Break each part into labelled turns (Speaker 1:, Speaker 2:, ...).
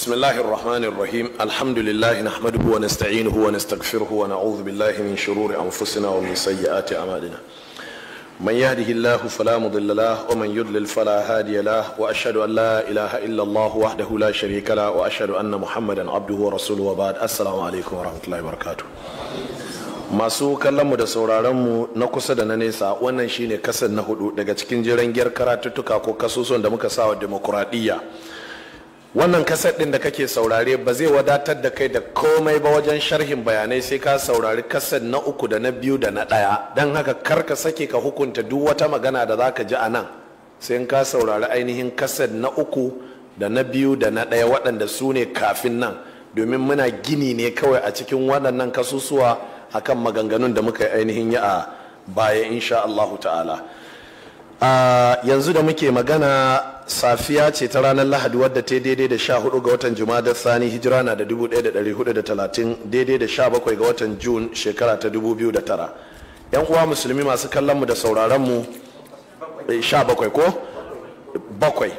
Speaker 1: بسم الله الرحمن الرحيم الحمد لله نحمده ونستعينه ونستغفره ونعوذ بالله من شرور أنفسنا ومن سيئات أعمالنا من يهده الله فلا مضل له ومن يضلل فلا هادي له وأشهد أن لا إله إلا الله وحده لا شريك له وأشهد أن محمدا عبده ورسوله وبعد السلام عليكم ورحمة الله وبركاته masu kallonmu da sauraronmu na kusa da na nesa wannan shine kasar na hudu daga cikin jiran jirangiyar karatuttuka ko kasusuwan da muka sa wa demokuraɗiyya wannan kasar ɗin da kake saurare ba zai wadatar da kai da komai ba wajen sharhin bayanai sai ka saurari kasar na uku da na biyu da na ɗaya don haka kar ka sake ka hukunta duk wata magana da za ka ji a nan sai in ka saurari ainihin kasar na uku da na biyu da na ɗaya waɗanda su ne kafin nan domin muna gini ne kawai a cikin waɗannan kasusuwa akan maganganun da muka yi ainihin yi a baya insha ta'ala a yanzu da muke magana safiya ce ta ranar lahadi wadda ta daidai da sha hudu ga watan juma'a sani hijira na da dubu ɗaya da ɗari hudu da talatin daidai da sha bakwai ga watan jun shekara ta dubu biyu da tara yan uwa musulmi masu kallon mu da sauraron mu eh, sha bakwai ko bakwai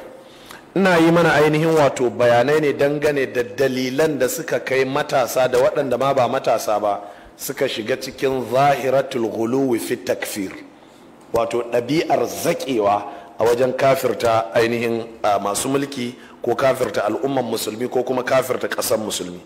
Speaker 1: ina yi mana ainihin wato bayanai ne dangane da dalilan da suka kai matasa da waɗanda ma ba matasa ba suka shiga cikin zahiratul ghuluwi fi takfir wato ɗabi'ar zaƙewa a wajen kafirta ainihin masu mulki ko kafirta al'umman musulmi ko kuma kafirta ƙasar musulmi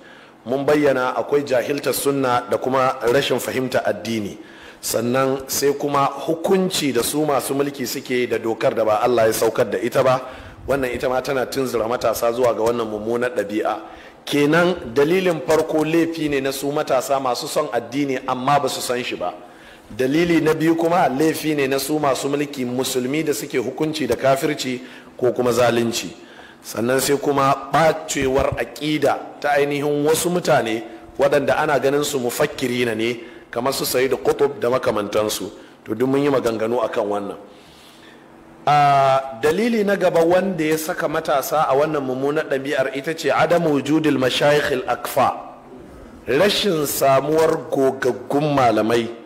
Speaker 1: mun bayyana akwai jahilta sunna da kuma rashin fahimta addini sannan sai kuma hukunci da su masu mulki suke da dokar da ba Allah ya saukar da ita ba wannan ita ma tana tunzura matasa zuwa ga wannan mummunar ɗabi'a kenan dalilin farko laifi ne na su matasa masu son addini amma ba su san shi ba dalili na biyu kuma laifi ne na su masu mulki musulmi da suke hukunci da kafirci ko kuma zalunci sannan sai kuma ɓacewar aƙida ta ainihin wasu mutane waɗanda ana ganin su mufakkiri na ne kamar su sayi da kutub da makamantansu to duk mun yi maganganu a kan wannan a dalili na gaba wanda ya saka matasa a wannan mummunar ɗabi'ar ita ce adamu Judil, mashayikhil akfa rashin samuwar gogaggun malamai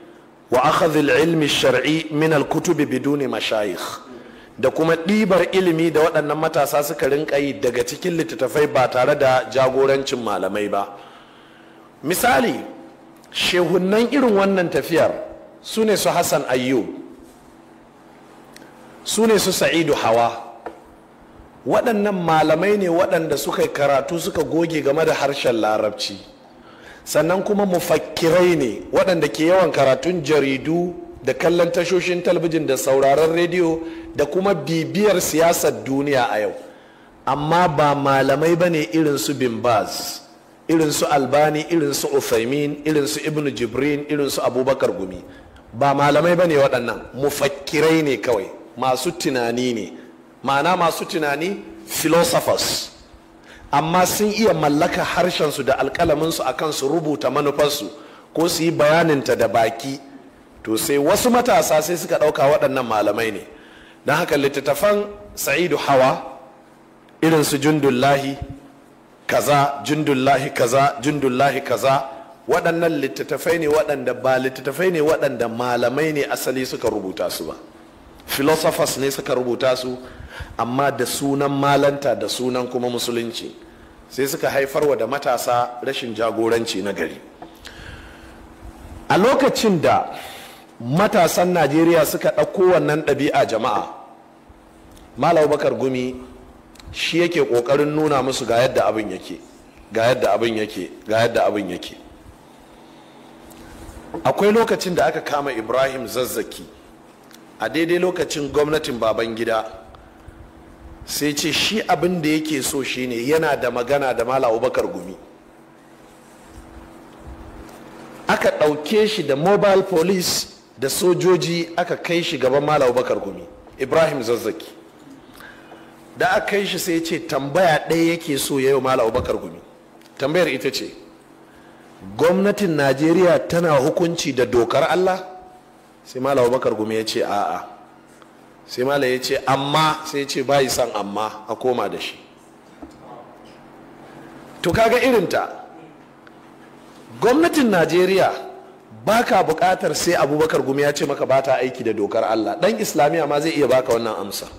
Speaker 1: wa akhadhil ilmi shar'i min al-kutubi biduni mashayikh da kuma ɗibar ilimi da waɗannan matasa suka rinka yi daga cikin littattafai ba tare da jagorancin malamai ba misali shehunnan irin wannan tafiyar su ne su hassan ayyub su ne su sa'idu hawa waɗannan malamai ne waɗanda suka karatu suka goge game da harshen larabci sannan kuma mufakkirai ne waɗanda ke yawan karatun jaridu da kallon tashoshin talbijin da sauraron rediyo da kuma bibiyar siyasar duniya a yau amma ba malamai ba ne irinsu Bimbaz, irinsu albani irinsu ufaimin irinsu ibn jibrin irinsu abubakar gumi ba malamai ba ne waɗannan mufakkirai ne kawai masu tunani ne ma'ana masu tunani philosophers amma sun iya mallaka harshensu da alkalaminsu a kan su rubuta manufarsu ko su yi bayaninta da baki to sai wasu matasa sai suka ɗauka waɗannan malamai ne don haka littattafan sa'idu hawa irin su jundullahi kaza jundullahi kaza jundullahi kaza waɗannan littattafai ne waɗanda ba littattafai ne waɗanda malamai ne asali suka rubuta su ba philosophers ne suka rubuta su amma da sunan malanta da sunan kuma musulunci sai suka haifar wa da matasa rashin jagoranci na gari a lokacin da matasan najeriya suka ɗauko wannan ɗabi'a jama'a malau bakar gumi shi yake ƙoƙarin nuna musu ga yadda abin yake ga yadda abin yake ga yadda abin yake akwai lokacin da aka kama ibrahim zazzaki a daidai lokacin gwamnatin baban gida sai ce shi abin da yake so shine yana da magana da mala abubakar gumi aka ɗauke shi da mobile police da sojoji aka kai shi gaban mala abubakar gumi ibrahim zazzaki da aka kai shi sai ce tambaya ɗaya yake so ya yi mala abubakar gumi tambayar ita ce gwamnatin najeriya tana hukunci da dokar allah sai mala abubakar gumi ya ce a'a sai mala ya ce amma sai ce bayi san amma a koma da shi to kaga irinta gwamnatin najeriya ba ka bukatar sai abubakar gumi ya ce maka ba ta aiki da dokar allah dan islamiyya ma zai iya baka wannan amsa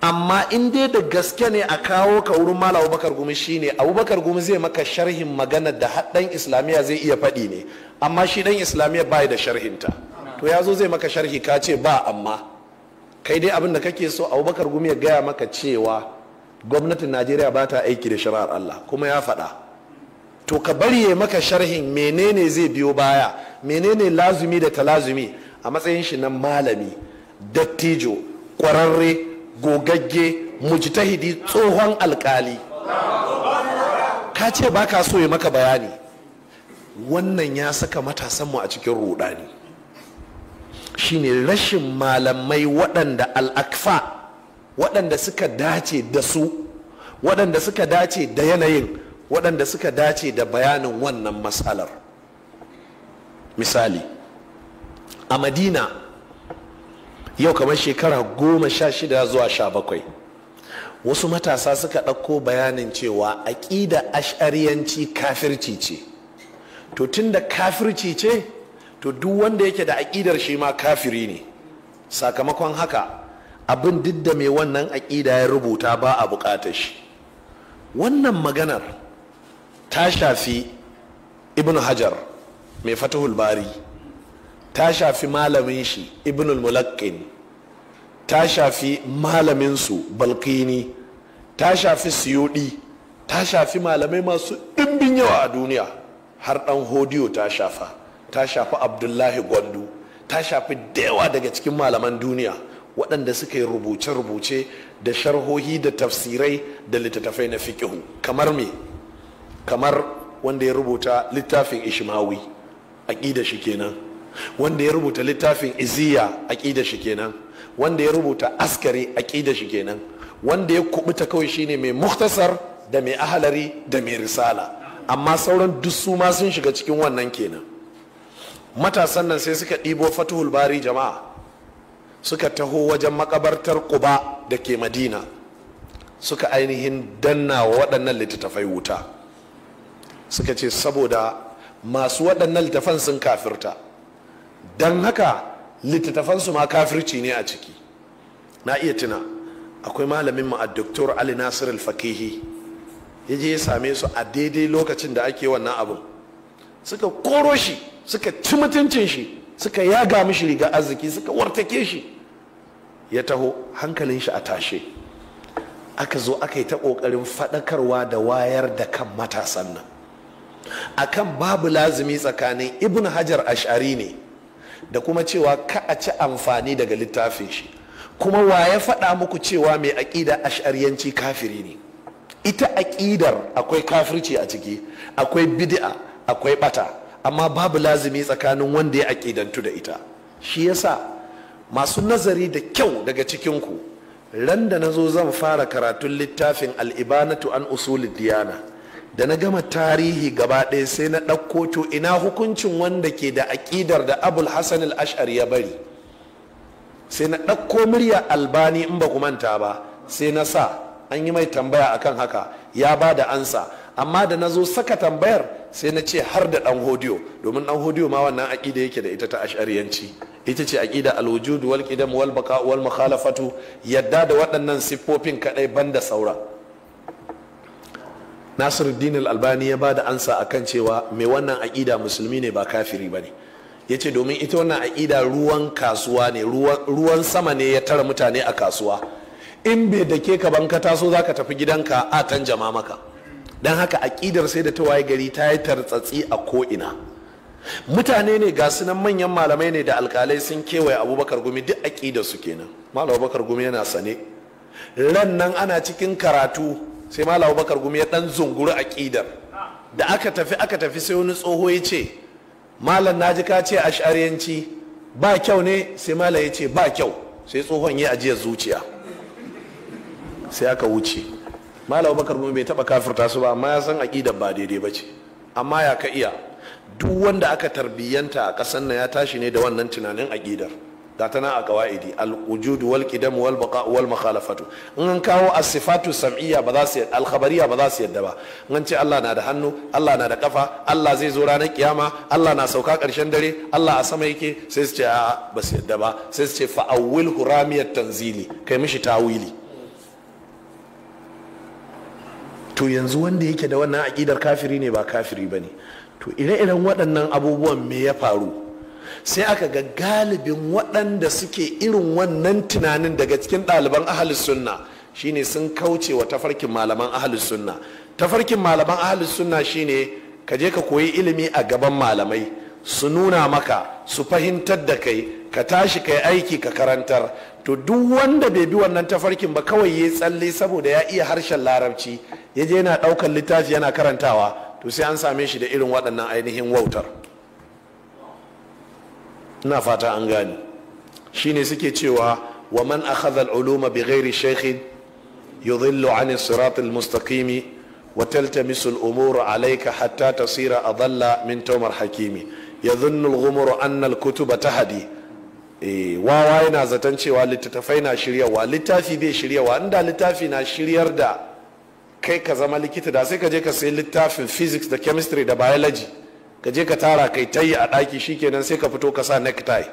Speaker 1: amma in dai da gaske ne a kawo ka wurin mala abubakar gumi shine abubakar gumi zai maka sharhin magana da dan islamiyya zai iya faɗi ne amma shi dan islamiyya bai da sharhinta to ya zo zai maka sharhi ka ce ba amma kai dai abin da kake so abubakar gumi ya gaya maka cewa gwamnatin najeriya ba ta aiki da shari'ar allah kuma ya faɗa to ka bari ya maka sharhin menene zai biyo baya menene lazumi da talazumi a matsayin shi na malami dattijo ƙwararre gogagge mujtahidi tsohon alkali ka ce ba ka so ya maka bayani wannan ya saka matasanmu a cikin rudani. shine rashin malamai waɗanda al'akfa waɗanda suka dace da su waɗanda suka dace da yanayin waɗanda suka dace da bayanin wannan matsalar misali a madina yau kamar shekara goma sha shida zuwa sha bakwai wasu matasa suka ɗauko bayanin cewa aƙida ash'ariyanci kafirci ce to tun da kafirci ce to duk wanda yake da aƙidar shi ma kafiri ne sakamakon haka abin duk da mai wannan aƙida ya rubuta ba a buƙatar shi wannan maganar ta shafi ibn hajar mai fatahul bari ta shafi malamin shi ibn Mulakin ta shafi malamin su balkini ta shafi Siyoɗi ta shafi malamai masu ɗimbin yawa a duniya har ɗan hodiyo ta shafa ta shafi abdullahi gwandu ta shafi yawa daga cikin malaman duniya waɗanda suka yi rubuce-rubuce da sharhohi da tafsirai da littattafai na fikihu kamar me kamar wanda ya rubuta littafin ishmawi ƙida shi kenan wanda ya rubuta littafin iziya ƙida shi kenan wanda ya rubuta askari a aƙida shi kenan wanda ya kubuta kawai shine mai muktasar da mai ahalari da mai risala amma sauran duk su ma sun shiga cikin wannan kenan matasan nan sai suka ɗibo fatuhul bari jama'a suka taho wajen makabartar ƙuba da ke madina suka ainihin danna wa waɗannan littattafai wuta suka ce saboda masu waɗannan littattafan sun kafirta don haka littattafansu ma kafirci ne a ciki na iya tuna akwai malamin mu a doktor ali nasir al-fakihi ya je ya same su a daidai lokacin da ake wannan abin suka koro shi suka ci mutuncin shi suka yaga mishi riga arziki suka wartake shi ya taho hankalin shi a tashe aka zo aka yi ta ƙoƙarin faɗakarwa da wayar da kan matasan nan akan babu lazumi tsakanin ibn hajar ash'ari ne da kuma cewa ka a ci amfani daga littafin shi kuma wa ya faɗa muku cewa mai aƙida ash'ariyanci kafiri ne ita aƙidar akwai kafirci a ciki akwai bid'a akwai ɓata amma babu lazimi tsakanin wanda ya aƙidantu da ita shi yasa masu nazari da kyau daga cikinku ran da na zo zan fara karatun littafin al'ibanatu an usuli diyana da na gama tarihi gaba ɗaya sai na ɗauko to ina hukuncin wanda ke da aƙidar da abul hasan al-ash'ar ya bari sai na ɗauko murya albani in ba ku manta ba sai na sa an yi mai tambaya akan haka ya ba da ansa amma da na zo saka tambayar sai na ce har da dan hodiyo domin dan hodiyo ma wannan aqida yake da ita ta ash'ariyanci ita ce aqida alwujud wal qidam wal baqa wal mukhalafatu yadda da waɗannan siffofin kadai banda saura Nasiruddin al-Albani ya bada ansa akan cewa mai wannan aqida musulmi ne ba kafiri bane yace domin ita wannan aqida ruwan kasuwa ne ruwan sama ne ya tara mutane a kasuwa in bai dake ka banka ka taso zaka tafi gidanka a tan jama maka don haka aƙidar sai da ta waye gari ta yi tartsatsi a ko'ina mutane ne ga sunan manyan malamai ne da alkalai sun kewaye abubakar gumi duk aƙidar su kenan malam abubakar gumi yana sane ran nan ana cikin karatu sai malam abubakar gumi ya dan zunguri aƙidar da aka tafi aka tafi sai wani tsoho ya ce malam na ji ka ce ashariyanci ba kyau ne sai malam ya ce ba kyau sai tsohon ya ajiyar zuciya sai aka wuce malam bakar gumi bai taba kafirta su ba amma ya san aqidar ba daidai ba ce amma ya ka iya duk wanda aka tarbiyyanta a ƙasar nan ya tashi ne da wannan tunanin aqidar ga ta nan a kawaidi al-wujud wal qidam wal baqa wal mukhalafatu in an kawo as-sifatu sam'iyya ba za su al khabariyya ba za su yadda ba in ce Allah na da hannu Allah na da kafa Allah zai zo ranar kiyama Allah na sauka karshen dare Allah a sama yake sai su ce a ba su yadda ba sai su ce fa'awwil huramiyat tanzili kai mishi tawili to yanzu wanda yake da wannan aƙidar kafiri ne ba kafiri ba ne to ire-iren waɗannan abubuwan me ya faru sai aka ga galibin waɗanda suke irin wannan tunanin daga cikin ɗaliban ahalus sunna shine sun kauce wa tafarkin malaman ahalus sunna tafarkin malaman ahalus sunna shine ka je ka koyi ilimi a gaban malamai su nuna maka su fahimtar da kai ka tashi kai aiki ka karantar to duk wanda bai bi wannan tafarkin ba kawai ya tsalle saboda ya iya harshen larabci ya je yana ɗaukar littafi yana karantawa to sai an same shi da irin waɗannan ainihin wautar ina fata an gane shine suke cewa wa man akhadha al-uluma bi ghairi shaykhin yudhillu 'an as-sirat al-mustaqim wa taltamisu al-umura 'alayka hatta tasira adalla min tawmar hakimi yadhunnu al-ghumru anna al-kutuba tahdi Eh, wawa yana zaton cewa littattafai na shiryarwa. littafi bai wa? inda littafi na shiryar da kai ka zama likita da sai ka je ka sayi littafin physics da chemistry da biology ka je ka tara kai ta yi a ɗaki shi shikenan sai ka fito ka sa necktie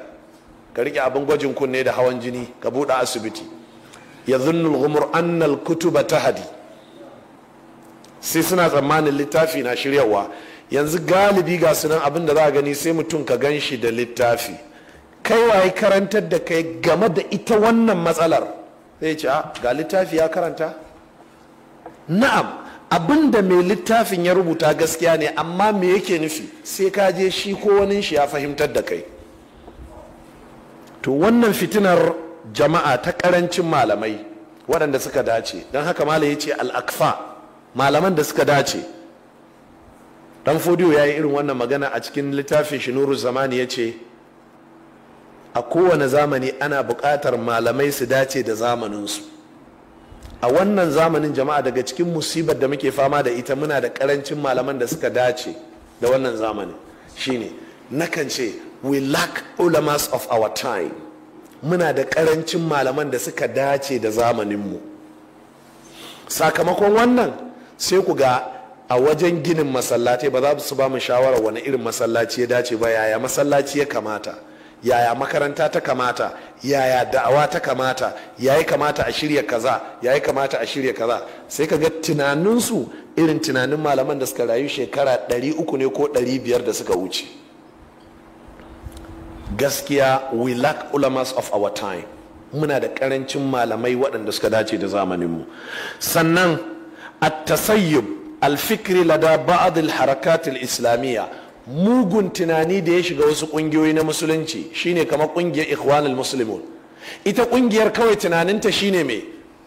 Speaker 1: ka riƙe abin gwajin kunne da hawan jini ka buɗe asibiti ya zunnul gumur annal kutuba ta hadi sai suna tsammanin littafi na shiryarwa. yanzu galibi ga sunan abin da za a gani sai mutum ka gan shi da littafi kai waye karantar da kai game da ita wannan matsalar zai ce ga littafi ya karanta na'am abin da mai littafin ya rubuta gaskiya ne amma me yake nufi sai ka je shi ko wani shi ya fahimtar da kai to wannan fitinar jama'a ta karancin malamai waɗanda suka dace don haka malam ya ce al'akfa malaman da suka dace dan fodiyo ya yi irin wannan magana a cikin littafin shi nuru zamani ya ce a kowane zamani ana buƙatar malamai su dace da zamaninsu a wannan zamanin jama'a daga cikin musibar da muke fama da ita muna da ƙarancin malaman da suka dace da wannan zamanin shine nakan ce we lack ulamas of our time muna da ƙarancin malaman da suka dace da zamaninmu sakamakon wannan sai ku ga a wajen ginin masallaci ba za su ba mu shawarar wani irin masallaci ya dace ba yaya masallaci ya kamata yaya makaranta ta kamata yaya da'awa ta kamata yayi kamata a shirya kaza yayi kamata a shirya kaza sai ka ga tunaninsu irin tunanin malaman da suka rayu shekara uku ne ko biyar da suka wuce gaskiya we lack ulamas of our time muna da karancin malamai waɗanda suka dace da zamaninmu sannan at-tasayyub al-fikri lada ba'd al islamiyya mugun tunani da ya shiga wasu kungiyoyi na musulunci shine kamar kungiyar ikhwanul muslimun ita kungiyar kawai tunaninta shine mai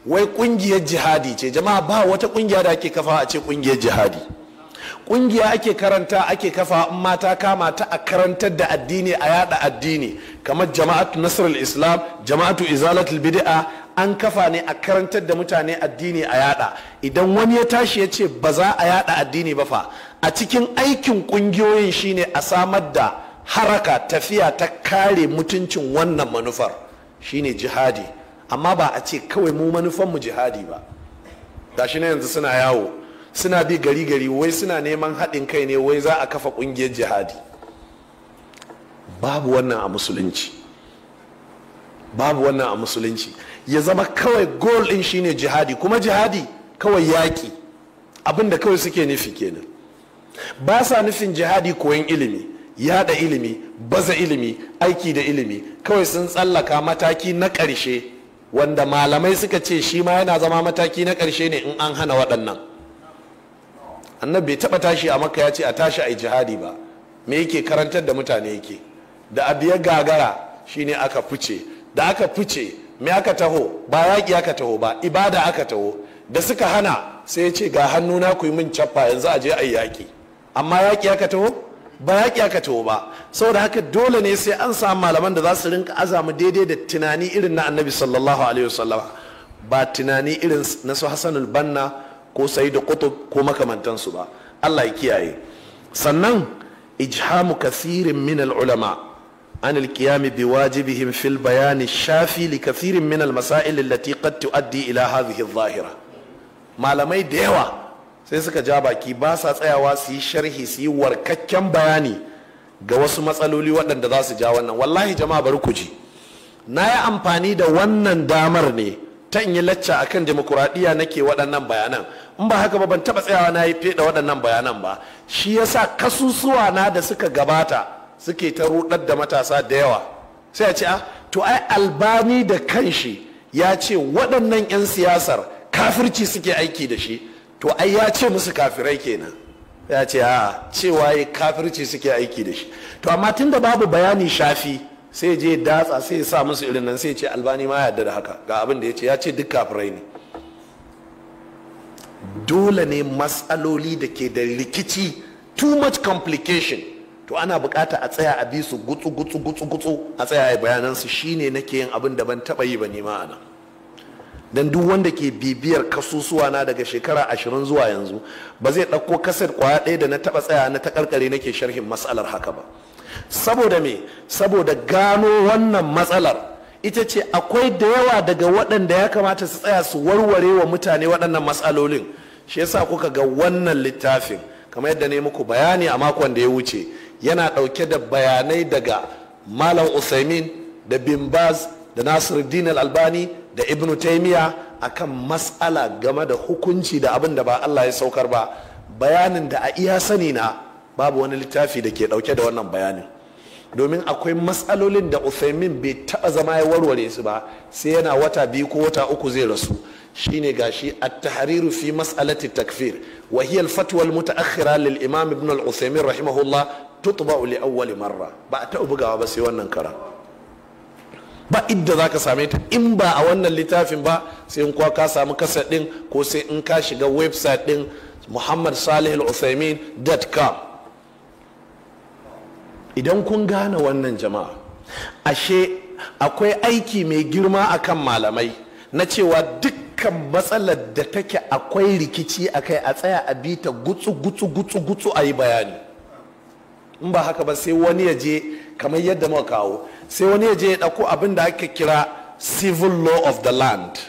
Speaker 1: wai kungiyar jihadi ce jama'a ba wata kungiya da ake kafa a ce kungiyar jihadi kungiya ake karanta ake kafa in mata kama ta a karantar da addini a yada addini kamar jama'atu nasr islam jama'atu izalatul bid'a an kafa ne a karantar da mutane addini a yada idan wani ya tashi ya ce ba za a yada addini ba fa a cikin aikin kungiyoyin shine a samar da haraka tafiya ta kare mutuncin wannan manufar shine jihadi amma ba a ce kawai mu manufan mu jihadi ba shi na yanzu suna yawo suna bi gari gari wai suna neman haɗin kai ne wai za a kafa ƙungiyar jihadi babu wannan a musulunci babu wannan a musulunci ya zama kawai goal din shine jihadi kuma jihadi kawai yaƙi abinda kawai suke nufi kenan ba sa nufin jihadi koyon ilimi yada ilimi baza ilimi aiki da ilimi kawai sun tsallaka mataki na ƙarshe wanda malamai suka ce shi ma yana zama mataki na ƙarshe ne in an hana waɗannan annabi bai taɓa tashi a maka ya ce a tashi a jihadi ba me yake karantar da mutane yake da abu ya gagara shine aka fice da aka fice me aka taho ba yaƙi aka taho ba ibada aka taho da suka hana sai ya ce ga hannuna ku yi min cappa yanzu a je a yi yaƙi amma yaƙi aka taho ba yaƙi aka taho ba saboda haka dole ne sai an samu malaman da za su rinka azamu daidai da tunani irin na annabi sallallahu alaihi wasallam ba tunani irin na su hasan banna ko da ko ko makamantansu ba Allah ya kiyaye sannan ijhamu kasirin min ulama عن القيام بواجبهم في البيان الشافي لكثير من المسائل التي قد تؤدي إلى هذه الظاهرة malamai da yawa sai suka ja baki ba sa tsayawa su yi sharhi su yi warkakken bayani ga wasu matsaloli waɗanda za su ja wannan wallahi jama'a bari ku ji na yi amfani da wannan damar ne ta in yi lacca akan demokuraɗiyya nake waɗannan bayanan in ba haka ba ban taɓa tsayawa na yi feɗa waɗannan bayanan ba shi yasa kasusuwa na da suka gabata suke ta rudar da matasa da yawa sai a ce a ah, to ai albani da kanshi ya ce waɗannan 'yan siyasar kafirci suke aiki da shi to ai ya ce musu kafirai kenan ya ce a ah, cewa ya kafirci suke aiki da shi to amma tun da babu bayani shafi sai je datsa sai ya sa musu irin nan sai ce albani ma yadda da haka ga abin da ya ce ya ce duk kafirai ne dole ne matsaloli da ke da rikici too much complication to ana bukata a tsaya a bi su gutsu gutsu gutsu gutsu a tsaya a bayanan su shine nake yin abin da ban taba yi ba nema a dan duk wanda ke bibiyar kasusuwa na daga shekara ashirin zuwa yanzu ba zai ɗauko kaset kwaya ɗaya da na taba tsaya na takarkare nake sharhin matsalar haka ba saboda me saboda gano wannan matsalar ita ce akwai da yawa daga waɗanda ya kamata su tsaya su warware wa mutane waɗannan matsalolin shi yasa kuka ga wannan littafin kamar yadda ne muku bayani a makon da ya wuce yana ɗauke da bayanai daga malam usaimin da bin baz da nasiruddin albani da ibn taimiya akan matsala game da hukunci da abin da ba allah ya saukar ba bayanin da a iya sani na babu wani littafi da ke ɗauke da wannan bayanin domin akwai matsalolin da usaimin bai taɓa zama ya warware su ba sai yana wata biyu ko wata uku zai rasu shine gashi at-tahriru fi mas'alati takfir wa hiya al-fatwa al-muta'akhkhira lil imam ibn al-usaymin rahimahullah tutba'u li awwali marra ba a bugawa ba sai wannan kara ba idda zaka same ta in ba a wannan littafin ba sai in kuwa ka samu kasa din ko sai in ka shiga website din muhammad salih al-usaimin.com idan kun gane wannan jama'a ashe akwai aiki mai girma akan malamai na cewa dukkan matsalar da take akwai rikici akai a tsaya a bita gutsu gutsu gutsu gutsu a yi bayani in ba haka ba sai wani ya je kamar yadda muka kawo sai wani ya je ya ɗauko abin da ake kira civil law of the land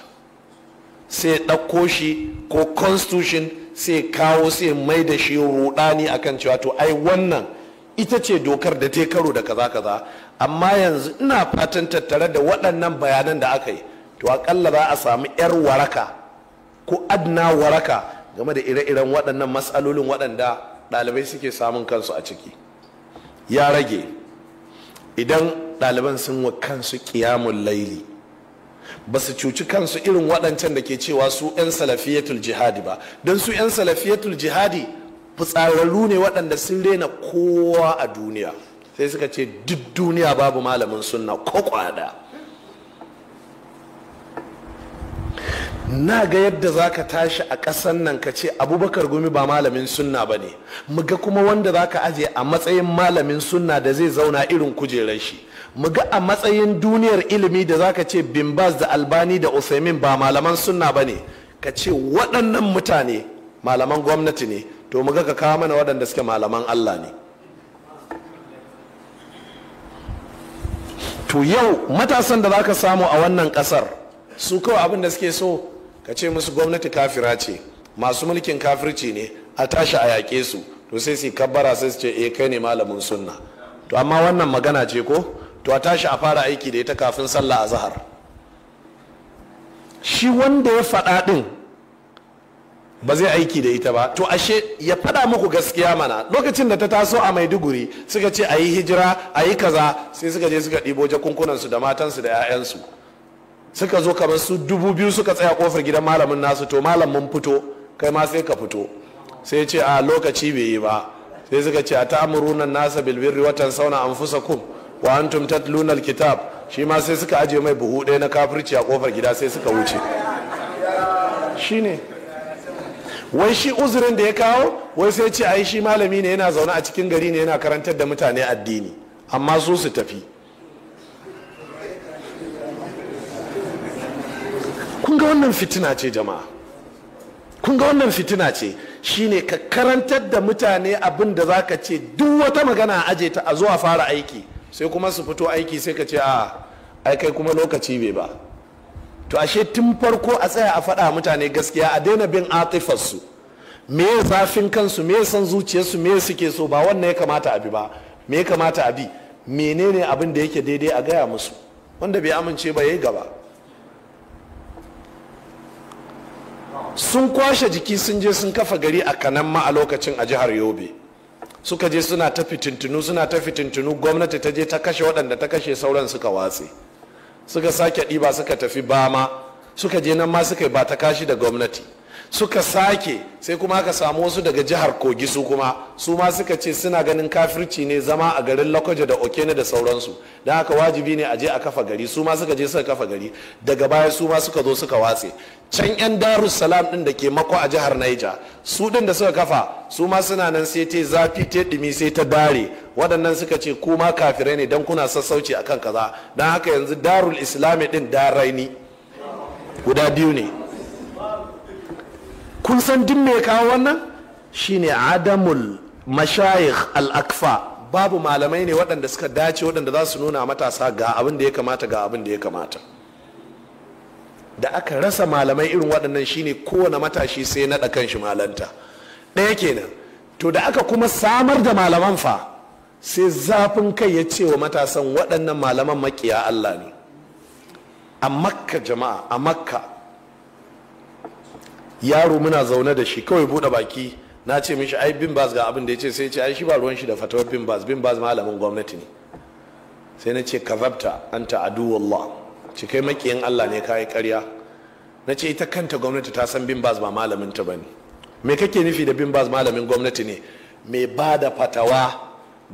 Speaker 1: sai ya ɗauko shi ko constitution sai kawo sai mai da shi rudani akan cewa to ai wannan ita ce dokar da ta karo da kaza kaza amma yanzu ina fatan tattare da waɗannan bayanan da aka yi to akalla za a samu 'yar waraka ko adna waraka game da ire-iren waɗannan matsalolin waɗanda ɗalibai suke samun kansu a ciki ya rage idan ɗaliban sun wa kansu ƙiyamun laili ba su cuci kansu irin waɗancan da ke cewa su 'yan salafiyatul jihadi ba don su 'yan salafiyatul jihadi fitsararru ne waɗanda sun rena kowa a duniya sai suka ce duk duniya babu malamin sunna ko kwada na ga yadda za ka tashi a ƙasan nan ka ce abubakar gumi ba malamin sunna ba ne ga kuma wanda za ka ajiye a matsayin malamin sunna da zai zauna irin kujerar shi ga a matsayin duniyar ilimi da za ka ce bimbas da albani da usaimin ba malaman sunna ba ne ka ce waɗannan mutane malaman gwamnati ne to ga ka kawo mana waɗanda suke malaman allah ne to yau matasan da za ka samu a wannan ƙasar su kawai abin da suke so ka ce musu gwamnati kafira ce masu mulkin kafirci ne a tashi a yaƙe su to sai su kabbara sai su ce e kai ne malamin sunna to amma wannan magana ce ko to a tashi a fara aiki da ita kafin sallah a zahar shi wanda ya faɗa ɗin ba zai aiki da ita ba to ashe ya faɗa muku gaskiya mana lokacin da ta taso a maiduguri suka ce a yi hijira a yi kaza sai suka je suka ɗibo jakunkunansu da matansu da 'ya'yansu suka zo kamar su dubu biyu suka tsaya kofar gidan malamin nasu to malam mun fito kai ma sai ka fito sai ce a lokaci bai yi ba sai suka ce a ta'amuruna nasa bilbirri watan sauna an kum wa antum tatluna alkitab shi ma sai suka aje mai buhu ɗaya na kafirci a kofar gida sai suka wuce ne wai shi uzurin da ya kawo wai sai ce a yi shi malami ne yana zaune a cikin gari ne yana karantar da mutane addini amma su su tafi kun ga wannan fitina ce jama'a kun ga wannan fitina ce shine ka karantar da mutane abin da zaka ce duk wata magana aje ta a zo a fara aiki sai kuma su fito aiki sai ka ce a ai kai kuma lokaci bai ba to ashe tun farko a tsaya a faɗa mutane gaskiya a daina bin atifarsu me zafin kansu me san zuciyarsu me suke so ba wannan ya kamata a bi ba me ya kamata a bi menene abin da yake daidai a gaya musu wanda bai amince ba yayi gaba sun kwashe jiki sun je sun kafa gari a kanan ma a lokacin a jihar yobe suka je suna ta fitintunu suna ta fitintunu gwamnati ta je ta kashe waɗanda ta kashe sauran suka watse suka sake ɗiba suka tafi bama suka je nan ma suka yi ba ta kashi da gwamnati suka sake sai kuma aka samu wasu daga jihar kogi su kuma su ma suka ce suna ganin kafirci ne zama a garin lakwaje da okene da sauransu don haka wajibi ne a je a kafa gari su ma suka je suka kafa gari daga baya su ma suka zo suka watse can yan darussalam din da ke mako a jihar naija su din da suka kafa su ma suna nan sai ta zafi ta dumi sai ta dare waɗannan suka ce kuma kafirai ne don kuna sassauci akan kaza don haka yanzu darul islami din da raini guda biyu ne kun san duk me ya kawo wannan shine adamul mashayikh al-akfa babu malamai ne waɗanda suka dace waɗanda za su nuna matasa ga abin da ya kamata ga abin da ya kamata da aka rasa malamai irin waɗannan shine kowane matashi sai naɗa kanshi malanta ɗaya kenan to da aka kuma samar da malaman fa sai zafin kai ya ce wa matasan waɗannan malaman makiya Allah ne a makka jama'a a makka yaro muna zaune da shi kawai bude baki na ce mishi ai bin bas ga abin da ya ce sai ce ai shi ba ruwan shi da fatawar bin bas bin bas malamin gwamnati ne sai na ce kazabta anta aduwallah ci kai makiyin Allah ne kai karya na ce ita kanta gwamnati ta san bin bas ba malamin ta bane me kake nufi da bin bas malamin gwamnati ne mai ba da fatawa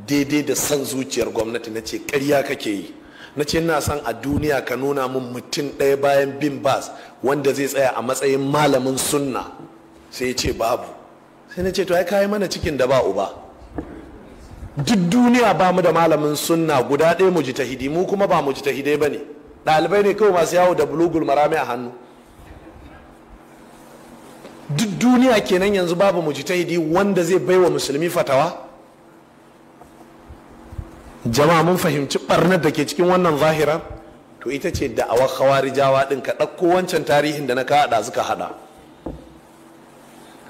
Speaker 1: daidai da san zuciyar gwamnati na ce karya kake yi na ce na son a duniya ka nuna min mutum ɗaya bayan bin bas wanda zai tsaya a matsayin malamin sunna sai ya ce babu sai na ce to ai kayi mana cikin da ba uba duk duniya ba mu da malamin sunna guda ɗaya mu ji hidi mu kuma ba mu ji ta hidai ba ne ɗalibai ne kawai masu yawo da bulugul marami a hannu duk duniya kenan yanzu babu ta hidi wanda zai baiwa musulmi fatawa jama'a mun fahimci barnar da ke cikin wannan zahira to ita ce da'awar khawarijawa din ka ɗauko wancan tarihin da na kaɗa suka haɗa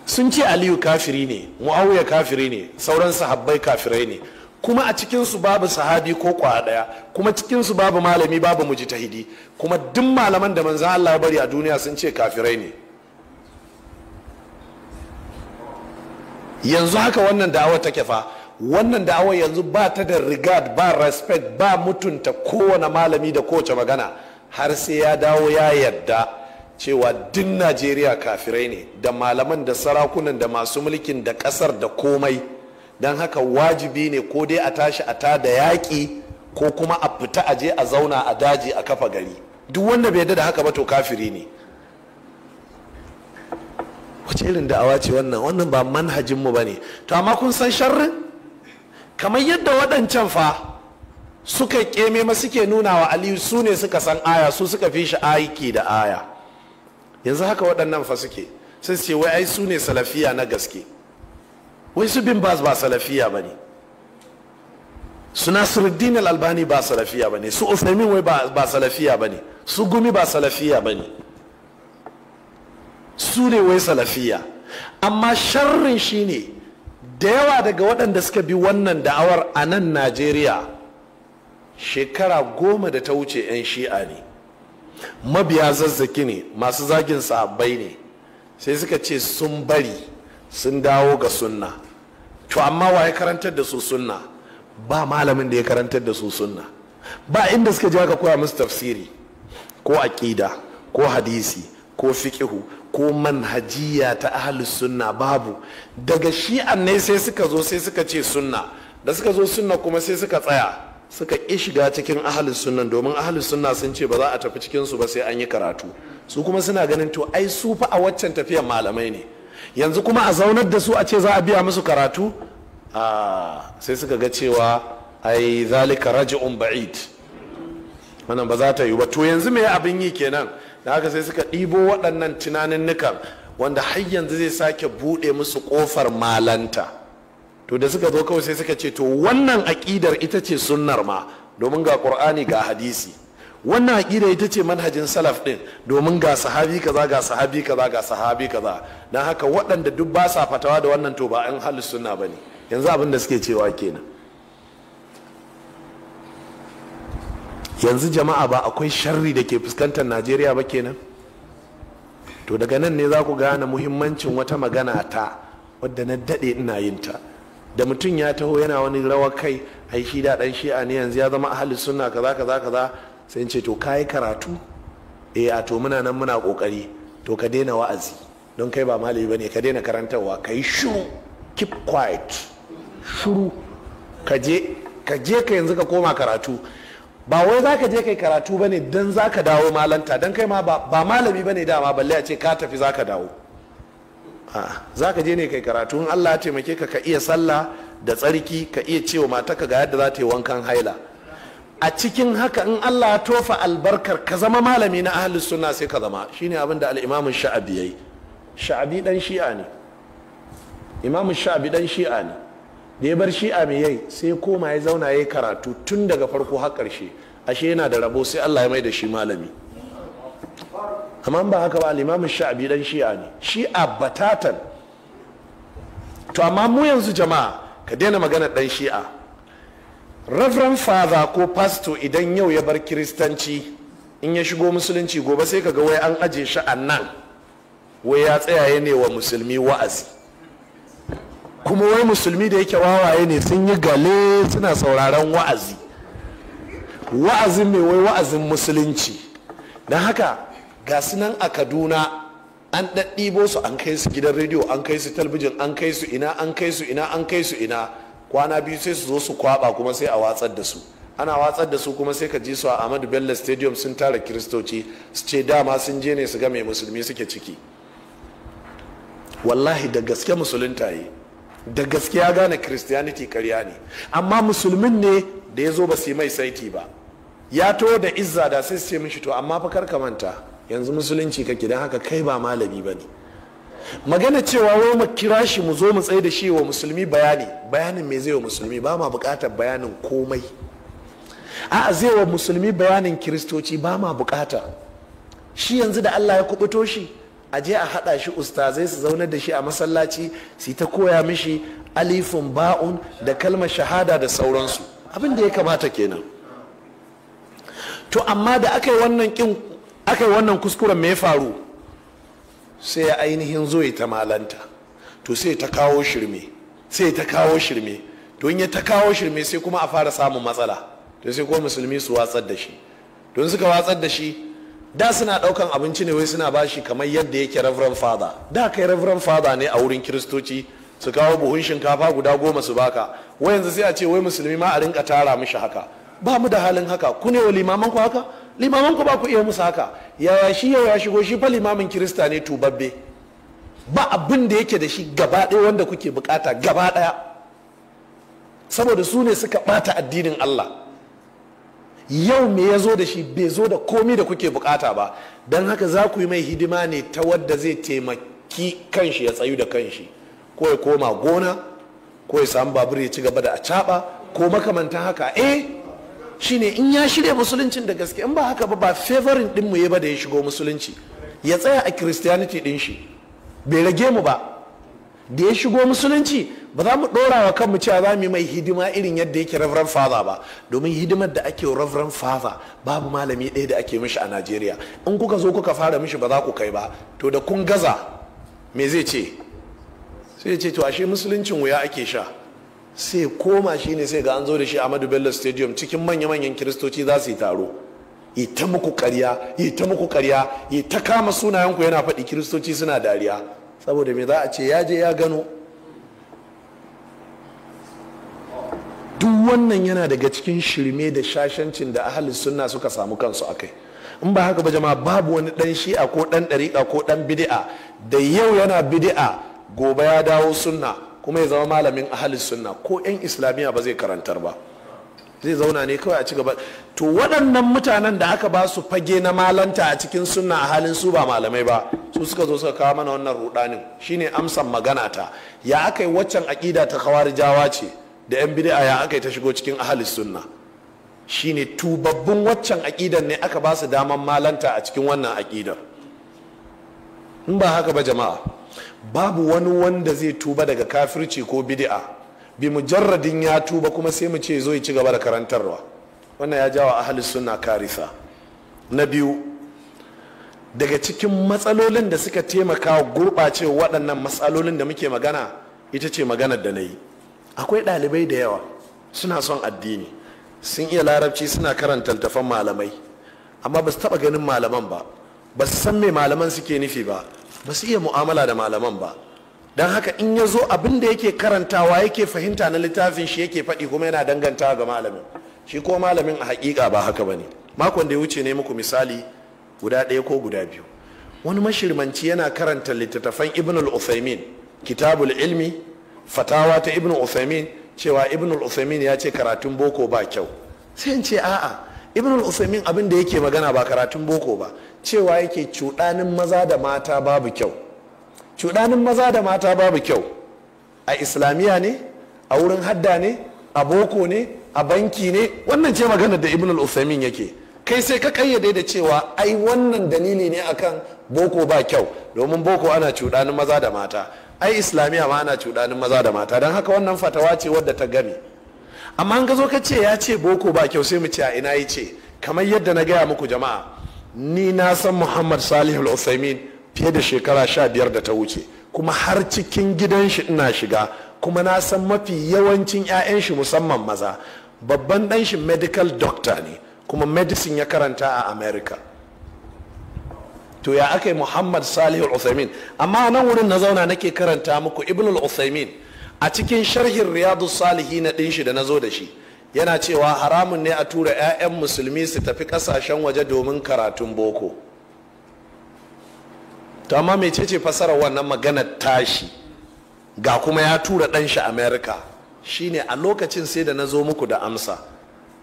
Speaker 1: sun ce aliyu kafiri ne muawiya kafiri ne sauran sahabbai kafirai ne kuma a cikinsu babu sahabi ko kwa ɗaya kuma cikinsu babu malami babu mujtahidi kuma duk malaman da manzan Allah ya bari a duniya sun ce kafirai ne yanzu haka wannan da'awar take fa wannan da'awar yanzu ba ta da regard ba respect ba mutunta kowane malami da kowace magana har sai ya dawo ya yarda cewa duk najeriya kafirai ne da malaman da sarakunan da masu mulkin da kasar da komai don haka wajibi ne ko dai a tashi a ta da yaƙi ko kuma a fita aje a zauna a daji a kafa gari duk wanda bai da haka ba to kafiri ne wace irin da'awa ce wannan wannan ba manhajinmu ba ne to amma kun san sharrin kamar yadda waɗancan fa suka ƙeme ma suke nuna wa aliyu su ne suka san aya su suka fi shi aiki da aya yanzu haka waɗannan fa suke sun ce wai ai su ne salafiya na gaske wai su bin bas ba salafiya ba ne su nasiruddin albani ba salafiya ba ne su usaimin wai ba salafiya ba ne su gumi ba salafiya ba ne su ne wai salafiya amma sharrin shi ne da yawa daga waɗanda suka bi wannan da'awar a nan najeriya shekara goma da ta wuce 'yan shi'a ne mabiya zazzaki ne masu zagin sahabbai ne sai suka ce sun bari sun dawo ga sunna to amma wa ya karantar da su sunna ba malamin da ya karantar da su sunna ba inda suka je aka koya musu tafsiri ko aƙida ko hadisi ko fiƙihu ko manhajiya ta ahlus sunna babu daga shi'an ne sai suka zo sai suka ce sunna da suka zo sunna kuma sai suka tsaya suka ƙi shiga cikin ahlus sunna domin ahlus sunna sun ce ba za a tafi cikin su ba sai an yi karatu su kuma suna ganin to ai su fa a waccan tafiyan malamai ne yanzu kuma a zaunar da su a ce za a biya musu karatu a sai suka ga cewa ai zalika raji'un ba'id wannan ba za ta yi ba to yanzu me abin yi kenan da haka sai suka ɗibo waɗannan tunanin nukan wanda har yanzu zai sake buɗe musu ƙofar malanta to da suka zo kawai sai suka ce to wannan aƙidar ita ce sunnar ma domin ga ƙur'ani ga hadisi wannan aƙida ita ce manhajin salaf ɗin domin ga sahabi kaza ga sahabi kaza ga sahabi kaza don haka waɗanda duk ba sa fatawa da wannan to ba an halin sunna ba ne yanzu abin da suke cewa kenan yanzu jama'a ba akwai sharri da ke fuskantar najeriya ba kenan to daga nan ne za ku gane muhimmancin wata magana ta wadda na daɗe ina yin ta da mutum ya taho yana wani rawa kai ai shi da ɗan shi'a ne yanzu ya zama ahli sunna kaza kaza kaza sai ce to kayi karatu eh a to muna nan muna kokari to ka daina wa'azi don kai ba malami bane ka daina karantarwa ka yi keep quiet je ka je ka yanzu ka koma karatu ba wai za ka je kai karatu ba ne don za ka dawo malanta don kai ma ba malami ba ne dama balle a ce ka tafi za ka dawo za ka je ne kai karatu in allah ya taimake ka ka iya sallah da tsarki ka iya cewa ka ga yadda za ta yi wankan haila a cikin haka in allah ya tofa albarkar ka zama malami na ahalus Suna sai ka zama shine abin da al'imamin sha'abi yayi sha'abi dan shi'a ne sha'abi dan shi'a ne da ya bar shi'a mai yai sai koma ya zauna ya yi karatu tun daga farko har ƙarshe ashe yana da rabo sai Allah ya mai da shi malami amma ba haka ba limamin sha'abi dan shi'a ne shi'a batatan to amma mu yanzu jama'a ka daina magana dan shi'a reverend father ko pastor idan yau ya bar kiristanci in ya shigo musulunci gobe sai ka ga wai an ajiye shi a nan wai ya tsayaye ne wa musulmi wa'azi kuma wai musulmi da yake wawaye ne sun yi gale suna sauraron wa'azi wa'azin mai wai wa'azin musulunci don haka ga nan a kaduna an ɗaɗɗibo su an kai su gidan rediyo an kai su talbijin an kai su ina an kai su ina an kai su ina kwana biyu sai su zo su kwaba kuma sai a watsar da su ana watsar da su kuma sai ka ji su a Ahmadu bello stadium sun tara kiristoci su ce dama sun je ne su ga mai musulmi suke ciki wallahi da gaske musulunta yi da gaskiya gane christianity karya ne amma musulmin ne da ya zo ba su mai saiti ba ya to da izza da sai su ce mishi to amma fa kar ka manta yanzu musulunci ka don haka kai ba malami ba ne magana cewa wai mu kira shi mu zo mu tsaye da shi wa musulmi bayani bayanin me zai wa musulmi ba ma bukatar bayanin komai a'a zai wa musulmi bayanin kiristoci ba ma bukata shi yanzu da allah ya kubuto shi a je a haɗa shi ustazai su zaunar da shi a masallaci su ta koya mishi alifin ba'un da kalmar shahada da sauransu abin da ya kamata kenan to amma da aka yi wannan kin aka yi wannan kuskuren mai faru sai ya ainihin zo ya ta malanta to sai ta kawo shirme sai ta kawo shirme to in ya ta kawo shirme sai kuma a fara samun matsala to sai kuma musulmi su watsar da shi don suka watsar da shi da suna ɗaukan abinci ne wai suna bashi kamar yadda yake reverend father da kai reverend father ne a wurin kiristoci su kawo buhun shinkafa guda goma su baka wai yanzu sai a ce wai musulmi ma a rinka tara mishi haka ba mu da halin haka ku ne wa limaman haka limaman ba ku iya musu haka yaya shi yau ya shigo shi fa limamin kirista ne tubabbe ba abin da yake da shi gaba ɗaya wanda kuke bukata gaba ɗaya saboda su ne suka ɓata addinin Allah yau me ya zo da shi bai zo da komi da kuke bukata ba don haka za ku yi mai hidima ne ta wadda zai taimaki kanshi ya tsayu da kanshi ko ya koma gona ko ya samu babur ya ci gaba da caba ko makamantan haka eh shine in ya shirya musuluncin da gaske in ba haka ba ba favorin din mu ba da ya shigo musulunci ya tsaya a christianity din shi bai rage mu ba da ya shigo musulunci ba za mu ɗora wa kanmu cewa za mu yi mai hidima irin yadda yake reverend father ba domin hidimar da ake reverend father babu malami ɗaya da ake mishi a najeriya in kuka zo kuka fara mishi ba za ku kai ba to da kun gaza me zai ce sai ce to ashe musuluncin wuya ake sha sai koma shi ne sai ga an zo da shi amadu bello stadium cikin manya-manyan kiristoci za su yi taro yi ta muku karya yi ta muku karya yi ta kama sunayenku yana faɗi kiristoci suna dariya saboda mai za a ce ya je ya gano duk wannan yana daga cikin shirme da shashancin da ahalin sunna suka samu kansu a kai in ba haka ba jama'a babu wani dan shi'a ko dan ɗari'a ko dan bidi'a da yau yana bidi'a gobe ya dawo sunna kuma ya zama malamin ahalin sunna ko 'yan islamiyya ba zai karantar ba zai zauna ne kawai a ci gaba to waɗannan mutanen da aka ba su fage na malanta a cikin sunna a halin su ba malamai ba su suka zo suka kawo mana wannan rudanin shine amsan magana ta ya aka yi waccan aƙida ta kawarijawa ce da yan bid'a ya aka yi ta shigo cikin ahli sunna shine tubabbun waccan aƙidan ne aka ba su daman malanta a cikin wannan aƙidar in ba haka ba jama'a babu wani wanda zai tuba daga kafirci ko bid'a bi mujarradin ya tuba kuma sai mu ce zo ya ci gaba da karantarwa wannan ya jawa ahli sunna karisa na biyu daga cikin matsalolin da suka taimaka gurɓace waɗannan matsalolin da muke magana ita ce maganar da na yi akwai ɗalibai da yawa suna son addini sun iya larabci suna karanta littafan malamai amma ba su taɓa ganin malaman ba ba su san me malaman suke nufi ba ba su iya mu'amala da malaman ba don haka in ya zo abin da yake karantawa yake fahimta na littafin shi yake faɗi kuma yana danganta ga malamin shi ko malamin a haƙiƙa ba haka ba ne. makon da ya wuce ne muku misali guda ɗaya ko guda biyu wani mashirmanci yana karanta littattafan ibn al-uthaymin kitabul ilmi fatawa ta ibn al-uthaymin cewa ibn al-uthaymin ya ce karatun boko ba kyau sai in ce a'a ibn al-uthaymin abin da yake magana ba karatun boko ba cewa yake cuɗanin maza da mata babu kyau cuɗanin maza da mata babu kyau a islamiyya ne a wurin hadda ne a boko ne a banki ne wannan ce magana da ibn al-usaimin yake kai sai ka kayyade da cewa ai wannan dalili ne akan boko ba kyau domin boko ana cuɗanin maza da mata ai islamiyya ma ana cuɗanin maza da mata don haka wannan fatawa ce wadda ta gami amma an gazo ka ce ya ce boko ba kyau sai mu ce a ina yi ce kamar yadda na gaya muku jama'a ni na san muhammad salihu al-usaimin fiye da shekara sha biyar da ta wuce kuma har cikin gidan shi ina shiga kuma na san mafi yawancin 'ya'yan shi musamman maza babban dan shi medical doctor ne kuma medicine ya karanta a america to ya aka yi muhammad salihu al-uthaymin amma nan wurin na zauna nake karanta muku ibn al-uthaymin a cikin sharhin riyadu salihi na ɗin shi da na zo da shi yana cewa haramun ne a tura 'ya'yan musulmi su tafi kasashen waje domin karatun boko to amma mecece fasarar wannan maganar tashi ga kuma ya tura ɗan shi america shine a lokacin sai da na zo muku da amsa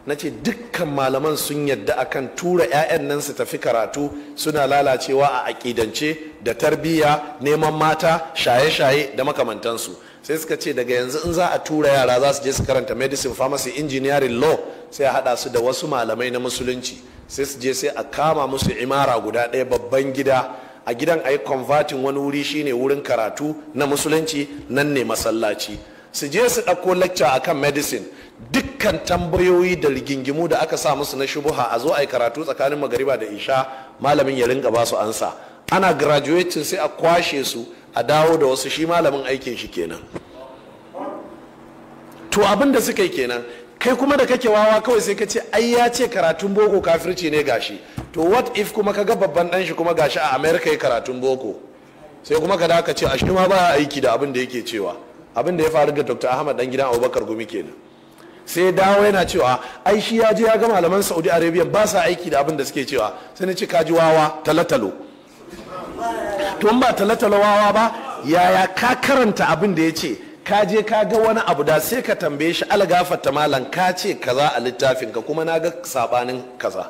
Speaker 1: na ce dukkan malaman sun yadda akan tura 'ya'yan nan su tafi karatu suna lalacewa a aƙidance da tarbiyya neman mata shaye-shaye da makamantansu sai suka ce daga yanzu in za a tura yara za su je su karanta medicine pharmacy engineering law sai a haɗa su da wasu malamai na musulunci sai su je sai a kama musu imara guda ɗaya babban gida a gidan a yi converting wani wuri shine wurin karatu na musulunci nan ne masallaci su je su ɗauko lecture akan medicine dukkan tambayoyi da rigingimu da aka sa musu na shubuha a zo a yi karatu tsakanin magariba da isha malamin ya rinka ba su ansa ana graduating sai a kwashe su a dawo da wasu shi malamin aikin shi kenan to abin da suka yi kenan kai kuma da kake wawa kawai sai ka ce ai ya ce karatun boko kafirci ne gashi to what if kuma ka ga babban dan shi kuma gashi a america ya karatun boko sai kuma ka da ka ce a shi ma ba aiki da abin da yake cewa abin da ya faru da dr ahmad dan gidan abubakar gumi kenan sai dawo yana cewa ai shi ya je ya ga malaman saudi arabia ba sa aiki da abin da suke cewa sai na ce ka ji wawa talatalo to ba talatalo wawa ba yaya ka karanta abin da ya ce ka je ka ga wani abu da sai ka tambaye shi alagafata malam ka ce kaza a littafin ka kuma na ga sabanin kaza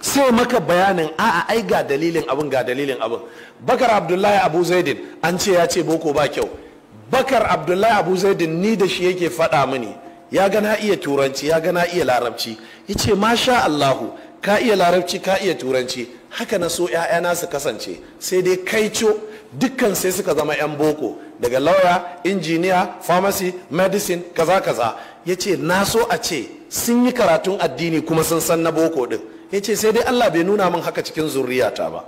Speaker 1: sai maka bayanin a'a ai ga dalilin abin ga dalilin abin bakar abdullahi abu zaidin an ce ya ce boko ba kyau bakar abdullahi abu zaidin ni da shi yake faɗa mini ya gana iya turanci ya gana iya larabci ya ce masha allahu ka iya larabci ka iya turanci haka na so 'ya'yana su kasance sai dai kaico dukkan sai suka zama 'yan boko daga lauya injiniya pharmacy medicine kaza kaza ya ce na so a ce sun yi karatun addini kuma sun san na boko din ya ce sai dai allah bai nuna min haka cikin zurriyata ba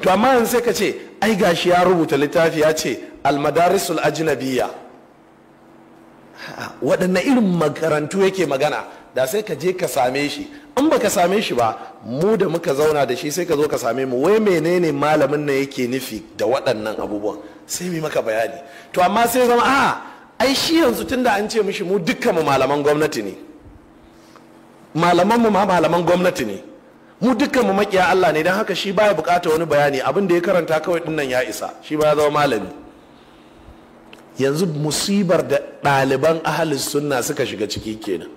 Speaker 1: to amma yanzu sai ka ce ai gashi ya rubuta littafi ya ce almadarisul ajnabiya waɗanne irin makarantu yake magana da sai ka je ka same shi in baka same shi ba mu da muka zauna da shi sai ka zo ka same mu wai menene malamin nan yake nufi da waɗannan abubuwan sai mu maka bayani to amma sai zama a ai shi yanzu tunda an ce mishi mu dukkanmu malaman gwamnati ne malaman mu ma malaman gwamnati ne mu dukkanmu makiya Allah ne dan haka shi baya bukata wani bayani abin da ya karanta kawai dinnan ya isa shi baya zama malami yanzu musibar da ɗaliban ahalin sunna suka shiga ciki kenan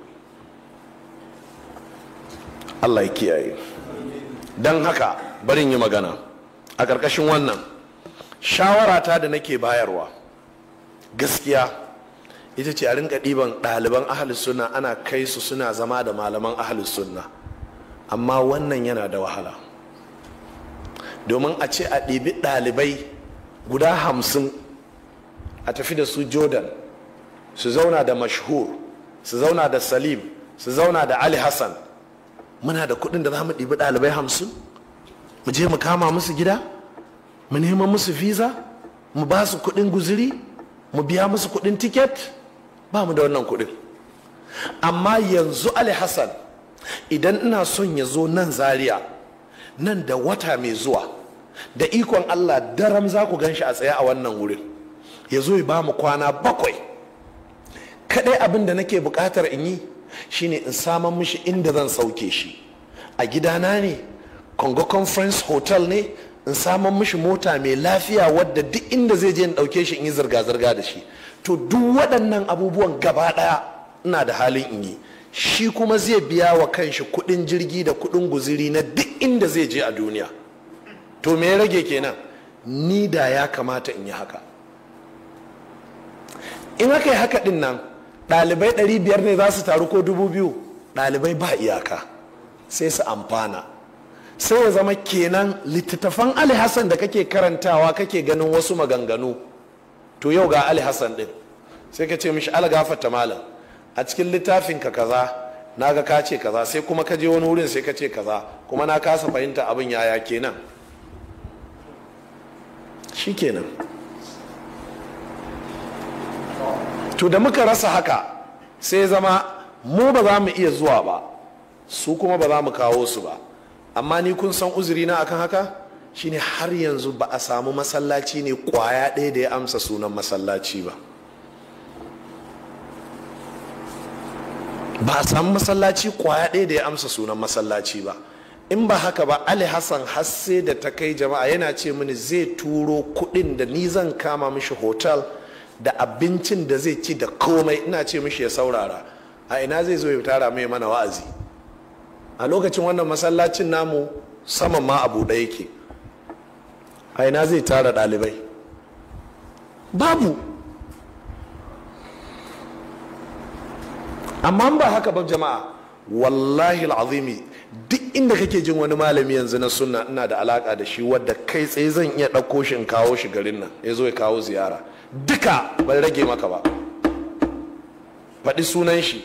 Speaker 1: allah ya kiyaye don haka barin yi magana a ƙarƙashin wannan shawarata da nake bayarwa gaskiya ita ce a rinka ɗiban ɗaliban ahalus sunna ana kai su suna zama da malaman ahalus sunna amma wannan yana da wahala domin a ce a ɗibi ɗalibai guda hamsin a tafi da su jordan su zauna da mashhur su zauna da salim su zauna da ali hassan muna da kuɗin da za mu ɗibi ɗalibai hamsin mu je mu kama musu gida mu nema musu visa mu ba su kuɗin guziri mu biya musu kuɗin tiket ba mu da wannan kuɗin amma yanzu ali hassan idan ina son ya zo nan zaria nan da wata mai zuwa da ikon allah daram za ku gan shi a tsaye a wannan wurin ya zo ya ba mu kwana bakwai kadai abin da nake bukatar in yi shine in saman mishi inda zan sauke shi a gidana ne congo conference hotel ne in saman mishi mota mai lafiya wadda duk inda zai je in ɗauke shi in yi zirga-zirga da shi to duk waɗannan abubuwan gaba ɗaya ina da halin in yi shi kuma zai biya wa kanshi kuɗin jirgi da kuɗin guziri na duk inda zai je a duniya to me ya rage kenan ni da ya kamata in yi haka in aka yi haka ɗin nan ɗalibai biyar ne za su taru ko dubu biyu? ɗalibai ba iyaka sai su amfana sai ya zama kenan littattafan ali hassan da kake karantawa kake ganin wasu maganganu to yau ga ali hassan ɗin sai ka ce mishi algafata malam a cikin littafinka kaza na ga ka ce kaza sai kuma ka je wani wurin sai ka ce kaza kuma na kasa fahimta abin yaya kenan shi kenan to da muka rasa haka sai zama mu ba za mu iya zuwa ba su kuma ba za mu kawo su ba amma ni kun san uzuri na akan haka shine har yanzu ba a samu masallaci ne kwaya ɗaya da ya amsa sunan masallaci ba ba a samu masallaci kwaya ɗaya da ya amsa sunan masallaci ba in ba haka ba ali hassan hasse da ta kai jama'a yana ce mini zai turo kuɗin da ni zan kama mishi hotel da abincin da zai ci da komai ina ce mishi ya saurara a ina zai zo ya tara mai mana wa'azi a lokacin wannan masallacin namu saman ma abu ɗaya yake a ina zai tara ɗalibai babu amma ba haka ba jama'a wallahi al'azimi duk inda kake jin wani malami yanzu na sunna ina da alaka da shi wadda kai tsaye zan iya ɗauko shi in kawo shi garin nan ya zo ya kawo ziyara duka ban rage maka ba faɗi sunan shi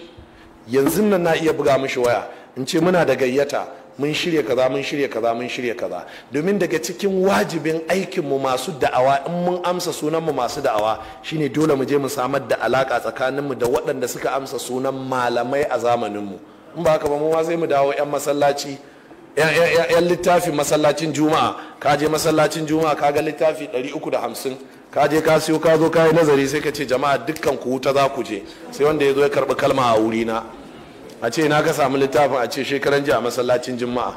Speaker 1: yanzu nan na iya buga mishi waya in ce muna da gayyata mun shirya kaza mun shirya kaza mun shirya kaza domin daga cikin wajibin aikinmu masu da'awa in mun amsa sunan mu masu da'awa shine dole mu je mu samar da alaka tsakanin mu da waɗanda suka amsa sunan malamai a zamaninmu in ba haka ba mu ma sai mu dawo 'yan masallaci yan littafi masallacin juma'a ka je masallacin juma'a ka ga littafi 350 ka je ka siyo ka zo ka yi nazari sai ka ce jama'a dukkan ku wuta za ku je sai wanda ya zo ya karbi kalma a wuri na a ce na ka samu littafin a ce shekaran jiya a masallacin juma'a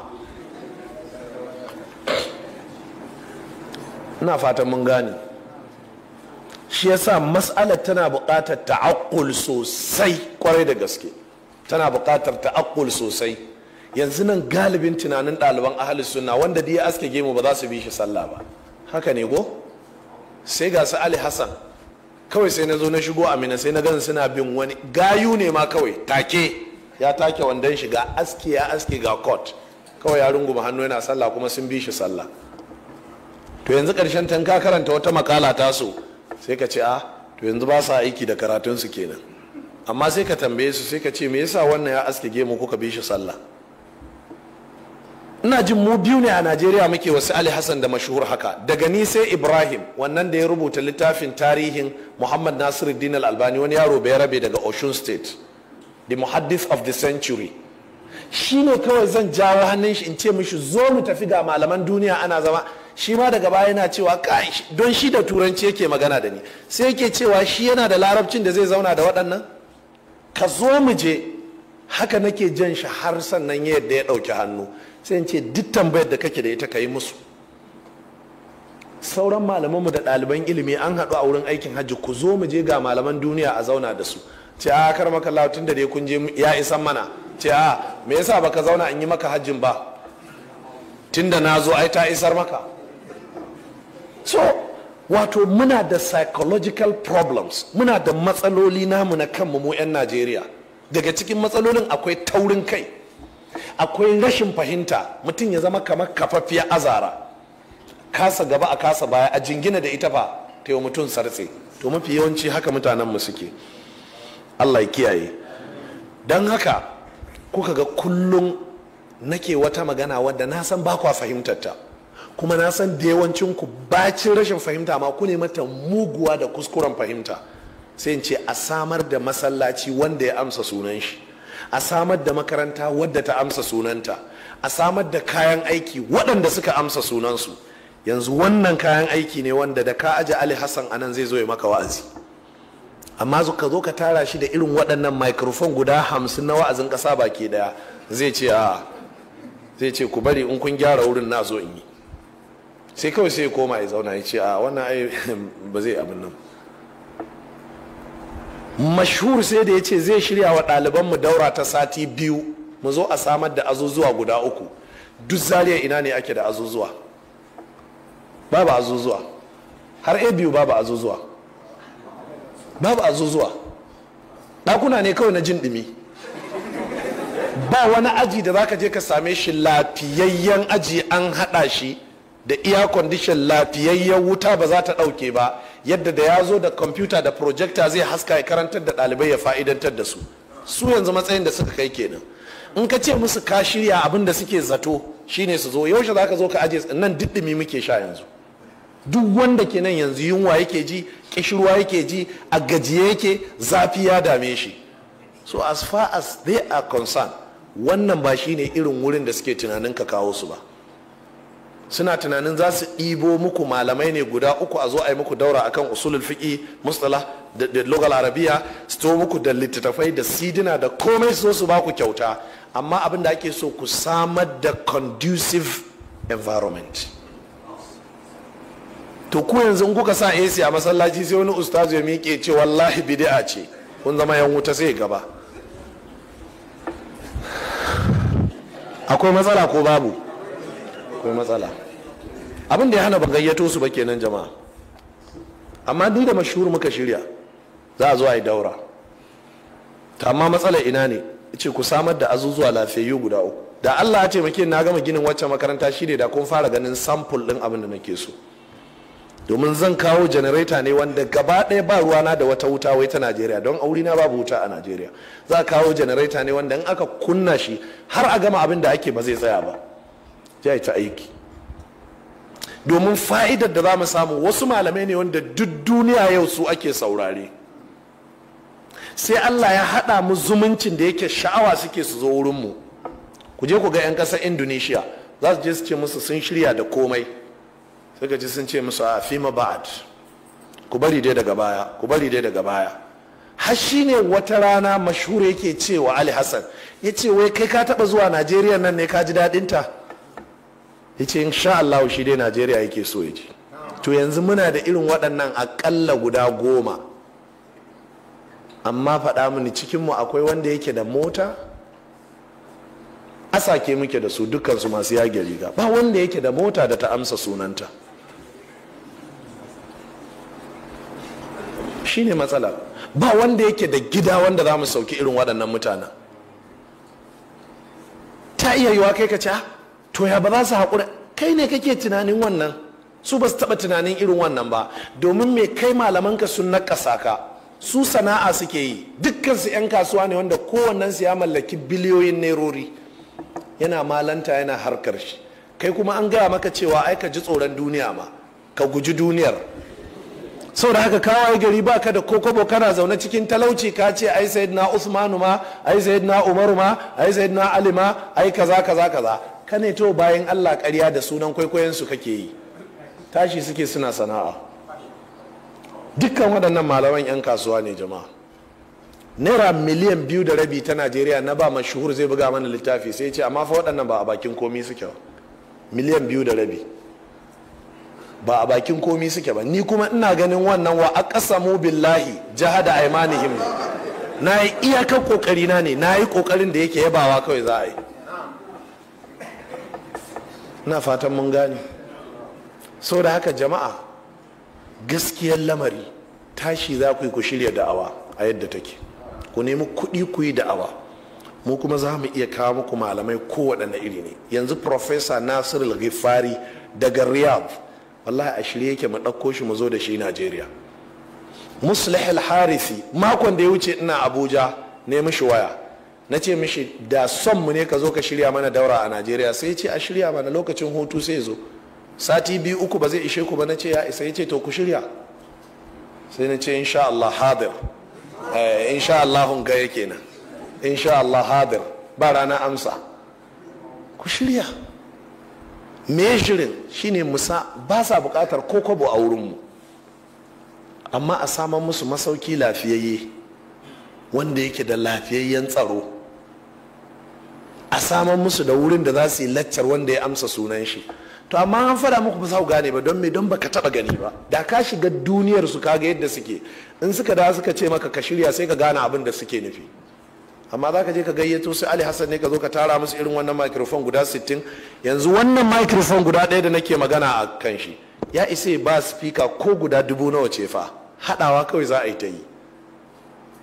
Speaker 1: ina fatan mun gane shi yasa mas'alar tana buƙatar ta'aqqul sosai kwarai da gaske tana buƙatar ta'aqqul sosai yanzu nan galibin tunanin ɗaliban ahli sunna wanda da ya aske gemu ba za su bi shi sallah ba haka ne go sai ga su ali hassan kawai sai na zo na shigo amina sai na gan suna bin wani gayu ne ma kawai take ya take wandon shiga ga aski ya aski ga court kawai ya rungu hannu yana sallah kuma sun bi shi sallah to yanzu karshen tan ka karanta wata makala su sai ka ce a ah, to yanzu ba sa aiki da karatunsu kenan amma sai ka tambaye su sai ka ce me yasa wannan ya aske gemu kuka bi shi sallah ina jin mu biyu ne a najeriya muke wasu ali hassan da mashuhur haka daga ni sai ibrahim wannan da ya rubuta littafin tarihin muhammad nasiru al-albani wani yaro bai rabe daga ocean state the muhaddis of the century shi ne kawai zan jawo hannun shi in ce mishi zo mu tafi ga malaman duniya ana zama shi ma daga baya yana cewa don shi da turanci yake magana da ni sai yake cewa shi yana da larabcin da zai zauna da waɗannan ka zo mu je haka nake jan shi har sannan yadda ya ɗauki hannu sai ce duk tambayar da kake da ita ka yi musu sauran malamanmu da ɗaliban ilimi an haɗu a wurin aikin hajji ku zo mu je ga malaman duniya a zauna da su ce a kar maka tun da dai kun je ya isan mana ce a me yasa baka zauna an yi maka hajjin ba tun da na zo ai ta isar maka so wato muna da psychological problems muna da matsaloli namu na kanmu mu 'yan najeriya daga cikin matsalolin akwai taurin kai akwai rashin fahimta mutum ya zama kamar kafaffiya azara kasa gaba a kasa baya a jingina da ita fa ta yi mutum sartse to mafi yawanci haka mutanen mu suke allah ya kiyaye don haka kuka ga kullum nake wata magana wadda na san ba kwa fahimtar kuma na san da yawancin ku bacin rashin fahimta ma ku ne mata muguwa da kuskuren fahimta sai in ce a samar da masallaci wanda ya amsa sunan shi a samar da makaranta wadda ta amsa sunanta a samar da kayan aiki waɗanda suka amsa sunansu yanzu wannan kayan aiki ne wanda da ka aje ali hassan anan zai zo ya maka wa'azi amma ka zo ka tara shi da irin waɗannan microphone guda hamsin na wa'azin ƙasa baki daya zai ce a zai ce ku bari in kun gyara wurin na zo in yi sai kawai sai ya koma ya zauna ya ce a wannan ai ba zai abin nan mashhur sai da ya ce zai shirya wa ɗalibanmu daura ta sati biyu mu zo a samar da azuzuwa guda uku duk zariya ina ne ake da azuzuwa babu azuzuwa har a biyu babu azuzuwa babu azuzuwa ɗakuna ne kawai na jin ɗumi ba wani aji da zaka je ka same shi lafiyayyen aji an haɗa shi da iya kwandishin lafiyayyen wuta ba za ta ɗauke ba yadda da ya zo da kwamfuta da projecta zai haska ya karantar da ɗalibai ya fa'idantar da su su yanzu matsayin da suka kai kenan in ka ce musu ka shirya abin da suke zato shine su zo yaushe za ka zo ka ajiye nan diddimi muke sha yanzu duk wanda ke nan yanzu yunwa yake ji kishirwa yake ji a gajiye yake zafi ya dame shi so as far as they are concerned wannan ba shine irin wurin da suke tunanin ka kawo su ba suna tunanin za su ɗibo muku malamai ne guda uku a zo a yi muku daura akan usulul fiƙi mustala da logal arabiya su to muku da littattafai da sidina da komai su su ba ku kyauta amma abin da ake so ku samar da conducive environment to ku yanzu in kuka sa AC a masallaci sai wani ustazu ya miƙe ce wallahi bid'a ce kun zama yan wuta sai gaba akwai matsala ko babu akwai matsala abin da ya hana ban gayyato su ba kenan jama'a amma ni da mashhur muka shirya za a zo a yi daura ta amma matsala ina ne ce ku samar da azuzuwa lafiyayyu guda uku da Allah ya taimakin na gama ginin wacce makaranta shine da kun fara ganin sample din abin da nake so domin zan kawo janareta ne wanda gaba ɗaya ba ruwa na da wata wuta wai ta najeriya don na babu wuta a najeriya za a kawo janareta ne wanda in aka kunna shi har a gama abin da ake ba zai tsaya ba yi ta aiki domin fa'idar da za mu samu wasu malamai ne wanda duk duniya yau su ake saurare sai allah ya haɗa mu zumuncin da yake sha'awa suke su zo wurinmu ku je ku ga 'yan ƙasar indonesia za su je su ce musu sun shirya da komai suka ji sun ce musu a fima ba'ad ku bari dai daga baya ku bari dai daga baya har shi ne wata rana mashhur yake cewa ali hassan ya ce wai kai ka taɓa zuwa najeriya nan ne ka ji daɗinta ya ce insha Allah shi dai Najeriya yake so ya ji to yanzu muna da irin waɗannan aƙalla guda goma amma faɗa mini cikinmu akwai wanda yake da mota asake muke da su su masu yage riga ba wanda yake da mota da ta amsa sunanta shi ne matsala ba wanda yake da gida wanda za mu sauki irin waɗannan mutanen ta iya yiwa kai ka ce ah, to ya ba za su haƙura kai ne kake tunanin wannan su ba su taɓa tunanin irin wannan ba domin mai kai malamanka sun naƙasa ka su sana'a suke yi dukkan su 'yan kasuwa ne wanda kowannen su ya mallaki biliyoyin nerori yana malanta yana harkar shi kai kuma an gaya maka cewa ai ka ji tsoron duniya ma ka guji duniyar saboda haka kawai gari ba ka da kokobo kana zaune cikin talauci ka ce ai sayidina usmanu ma ai sayidina umaru ma ai sayidina ali ma ai kaza kaza kaza Ka ne to bayan allah karya da sunan kwaikwayonsu kake yi tashi suke suna sana'a dukkan waɗannan malaman 'yan kasuwa ne jama'a naira miliyan biyu da rabi ta najeriya na ba mashuhur zai buga mana littafi sai ce amma fa waɗannan ba a bakin komi suke ba miliyan biyu da rabi ba a bakin komi suke ba ni kuma ina ganin wannan wa a ƙasa mu billahi da aimanihim na yi iyakar kokari na ne na yi kokarin da yake yabawa kawai za a yi na fatan mun gane sau da haka jama'a gaskiyar lamari tashi za ku yi ku shirya da'awa a yadda take ku nemi kuɗi ku yi da'awa mu kuma za mu iya kawo muku malamai kowaɗanne iri ne yanzu profesa nasir al-ghifari daga riyadh wallahi a shirya yake mu ɗauko shi mu zo da shi najeriya muslih harisi makon da ya wuce ina abuja ne mishi waya na ce mishi da son mu ne ka zo ka shirya mana daura a najeriya sai ce a shirya mana lokacin hutu sai zo sati biyu uku ba zai ishe ku ba na ce ya isa ya ce to ku shirya sai na ce insha Allah hadir eh, insha Allah hunka yake nan insha Allah hadir ba rana amsa ku shirya Mejirin shirin shine musa ba sa bukatar ko kwabo a wurinmu amma a saman musu masauki lafiyayye wanda yake da lafiyayyen tsaro a saman musu da wurin da za su yi laccar wanda ya amsa sunan shi to amma an fada muku ba za gane ba don me don baka taba gani ba da ka shiga duniyar su kaga yadda suke in suka da suka ce maka ka shirya sai ka gane abin da suke nufi amma za ka je ka gayyato su ali hassan ne ka zo ka tara musu irin wannan microphone guda 60 yanzu wannan microphone guda ɗaya da nake magana a kan shi ya isa ba speaker ko guda dubu nawa ce fa haɗawa kawai za a yi ta yi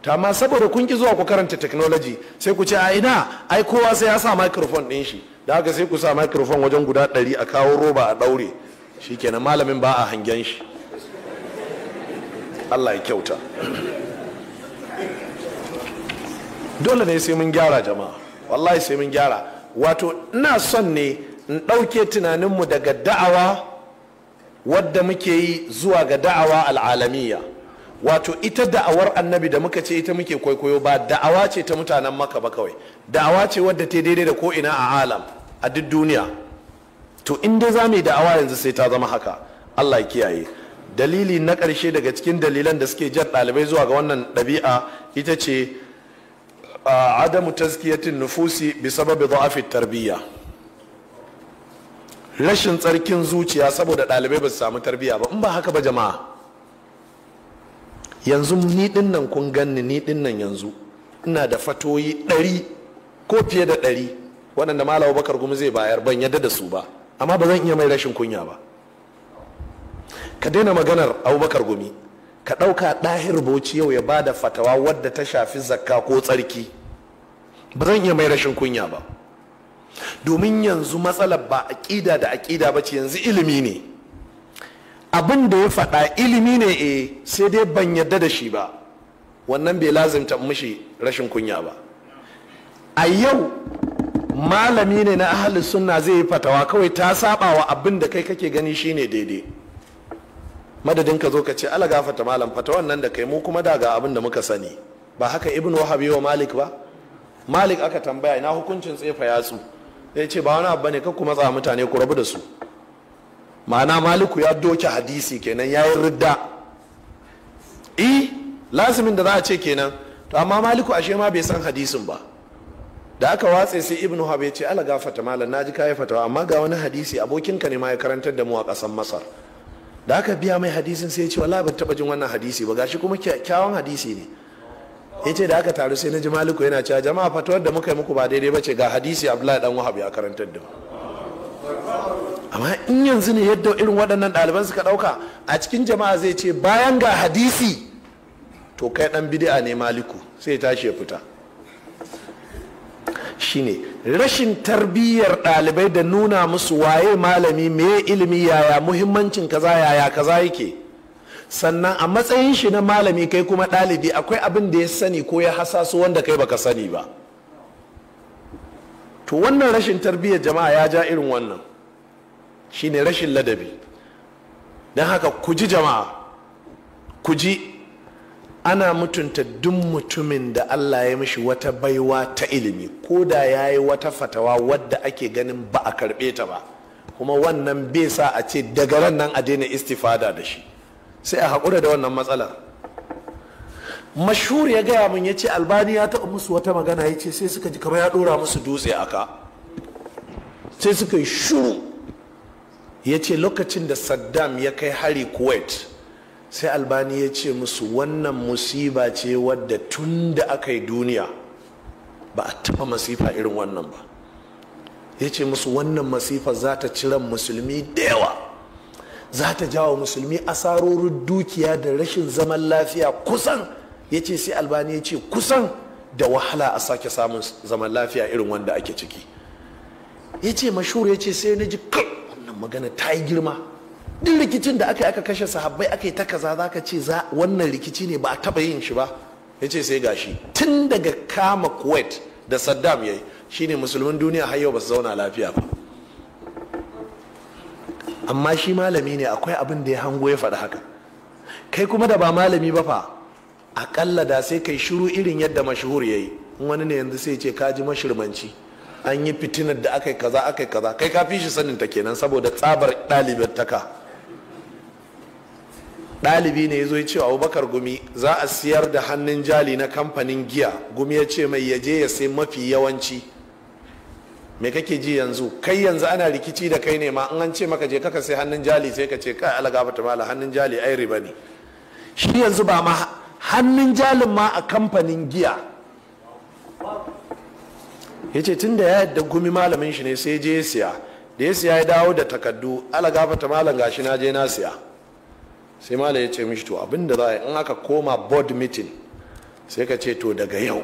Speaker 1: ta amma saboda kun ki zuwa ku karanta technology sai ku ce a ina ai kowa sai ya sa microphone din shi da haka sai ku sa microphone wajen guda ɗari a kawo roba a ɗaure kenan malamin ba a hangen shi Allah ya kyauta dole ne sai mun gyara jama'a wallahi sai mun gyara wato ina son ne in ɗauke tunaninmu daga da'awa wadda muke yi zuwa ga da'awa al'alamiya wato ita da'awar annabi da muka ce ita muke kwaikwayo ba da'awa ce ta mutanen maka ba kawai da'awa ce wadda ta daidai da ko'ina a alam a duk duniya to inda dai za mu yi da'awa yanzu sai ta zama haka allah ya kiyaye dalili na ƙarshe daga cikin dalilan da suke jar ɗalibai zuwa ga wannan ɗabi'a ita ce adamu taskiyatin nufusi bi sababi da'afi tarbiyya rashin tsarkin zuciya saboda ɗalibai ba su samu tarbiyya ba in ba haka ba jama'a yanzu ni dinnan kun ganni ni dinnan yanzu ina da fatoyi ɗari ko fiye da ɗari waɗanda malawa bakar gumi zai bayar ban yadda da su ba amma ba zan iya mai rashin kunya ba ka daina maganar abubakar gumi ka ɗauka ɗahir boci yau ya ba da fatawa wadda ta shafi zakka ko tsarki ba zan iya mai rashin kunya ba domin yanzu matsalar ba aƙida da aƙida ba ce yanzu ilimi ne abin da ya faɗa ilimi ne e sai dai ban yadda da shi ba wannan bai lazimta mishi rashin kunya ba a yau malami ne na ahli sunna zai yi fatawa kawai ta saba wa abin da kai kake gani shine daidai madadin ka zo ka ce ala gafata malam fatawan nan da kai mu kuma da ga abin da muka sani ba haka ibn wahab wa malik ba malik aka tambaya ina hukuncin tsefa yatsu ya ce ba wani abu ne ka kuma matsa mutane ku rabu da su ma'ana maliku ya doke hadisi kenan ya yi ridda i e, lasimin da za a ce kenan to amma maliku ashe ma bai san hadisin ba da aka watse sai ibnu habe ce ala gafata malam ji kayi fatawa amma ga wani hadisi abokinka ne ma ya karantar da mu a kasar masar da aka biya mai hadisin sai ya ce wala ban taba jin wannan hadisi ba gashi kuma kyakkyawan hadisi ne ya ce da aka taru sai na ji maliku yana cewa jama'a fatawar da muka yi muku ba daidai ba ce ga hadisi abdullahi dan wahab ya karantar da mu amma in yanzu ne yadda irin waɗannan ɗaliban suka ɗauka a cikin jama'a zai ce bayan ga hadisi to kai ɗan bidi'a ne maliku sai tashi ya fita shine rashin tarbiyyar ɗalibai da nuna musu waye malami meye ilimi yaya muhimmancin kaza yaya kaza yake sannan a matsayin shi na malami kai kuma ɗalibi akwai abin da ya sani ko ya hasaso wanda kai baka sani ba to wannan rashin tarbiyyar jama'a ya ja irin wannan shine rashin ladabi don haka ku ji jama'a ku ji ana mutunta duk mutumin da Allah ya mishi wata baiwa ta ilimi ko da ya yi wata fatawa wadda ake ganin ba a karɓe ta ba kuma wannan bai sa a ce daga ran nan a daina istifada da shi sai a haƙura da wannan matsalar mashhur ya gaya mun ya ce albani ya taɓa musu wata magana ya ce sai suka ji kamar ya ɗora musu dutse aka sai suka yi shuru ya ce lokacin da saddam ya kai hari kuwait sai albani ya ce musu wannan musiba ce wadda tun da aka yi duniya ba a taba masifa irin wannan ba ya ce musu wannan masifa za ta ran musulmi da yawa za ta jawo musulmi asarorin dukiya da rashin zaman lafiya kusan ya ce sai albani ya ce kusan da wahala a sake samun zaman lafiya irin wanda ake ciki ya ce mashuru ya ce sai na ji kai magana ta yi girma duk rikicin da aka yi aka kashe sahabbai aka yi ta kaza za ka ce za wannan rikici ne ba a taba yin shi ba ya ce sai gashi tun daga kama kuwait da saddam ya yi shine musulmin duniya har yau ba su zauna lafiya ba amma shi malami ne akwai abin da ya hango ya faɗi haka kai kuma da ba malami ba fa aƙalla da sai kai shiru irin yadda mashuhur ya yi wani ne yanzu sai ce ji mashirmanci an yi fitinar da aka yi kaza aka yi kaza kai ka fi shi sanin ta kenan saboda tsabar ɗalibin taka ɗalibi ne ya zo ya ce abubakar gumi za a siyar da hannun jali na kamfanin giya gumi ya ce mai yaje ya sai mafi yawanci me kake ji yanzu kai yanzu ana rikici da kai ne ma in an ce maka je kaka sai hannun jali sai ka ce kai alaga bata mala hannun jali ai riba ne shi yanzu ba ma hannun jalin ma a kamfanin giya ya ce tun da ya yadda gumi malamin shi ne sai je siya da ya siya ya dawo da takaddu ala gafata malam gashi na je na siya sai malam ya ce mishi to abin da za a yi in aka koma board meeting sai ka ce to daga yau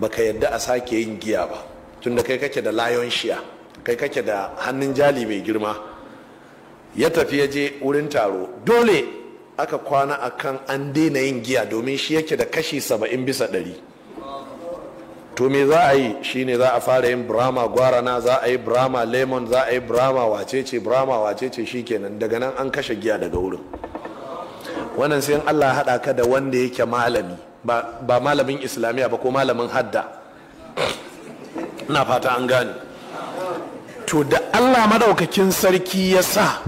Speaker 1: baka yadda a sake yin giya ba tunda kai kake da layon shiya kai kake da hannun jali mai girma ya tafi ya je wurin taro dole aka kwana akan an daina yin giya domin shi yake da kashi saba'in bisa ɗari to me za a yi shine za a fara yin brahma gwarana za a yi brahma lemon za a yi brahma wacece brahma wacece shikenan daga nan an kashe giya daga wurin wannan sai Allah haɗa ka da wanda yake malami ba malamin islamiyya ba ko malamin hadda ina fata an gane to da Allah madaukakin sarki ya sa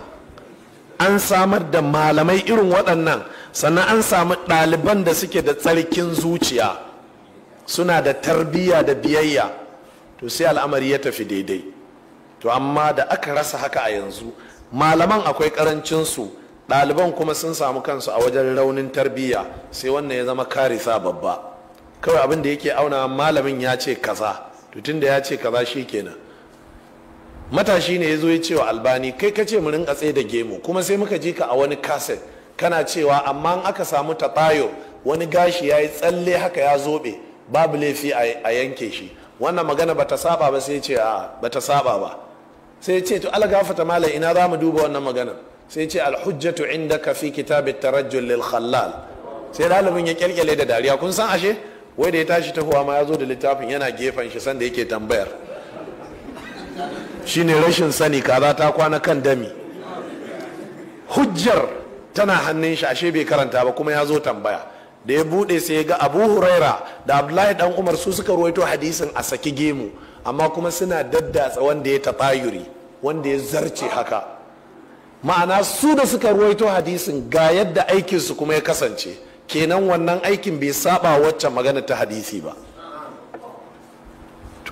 Speaker 1: an samar da malamai irin waɗannan sannan an samu ɗaliban da suke da tsarkin zuciya suna da tarbiyya da biyayya to sai al'amari ya tafi daidai to amma da aka rasa haka a yanzu malaman akwai karancinsu ɗaliban kuma sun samu kansu a wajen raunin tarbiyya sai wannan ya zama karisa babba kawai abin da yake auna malamin ya ce kaza to da ya ce kaza shi kenan matashi ne ya zo ya cewa albani kai ka ce mu rinka tsaye da gemu kuma sai muka ji ka a wani kaset kana cewa amma in aka samu taɓayo wani gashi ya yi tsalle haka ya zobe babu laifi a yanke shi wannan magana ta saba ba sai ce a ta saba ba sai ce to algafata malam ina za mu duba wannan magana sai ce alhujjatu ka fi kita tarajjul lil khallal sai dalibin ya kyalkyale da dariya kun san ashe wai da ya tashi tahowa ma ya zo da littafin yana gefen shi sanda yake tambayar shine rashin sani kaza ta kwana kan dami hujjar tana hannun shi ashe bai karanta ba kuma ya zo tambaya da ya bude sai ya ga abu huraira da abdullahi dan umar su suka ruwaito hadisin a saki gemu amma kuma suna daddatsa wanda ya taɓayuri wanda ya zarce haka ma'ana su da suka ruwaito hadisin ga yadda aikinsu kuma ya kasance kenan wannan aikin bai saba wacce magana ta hadisi ba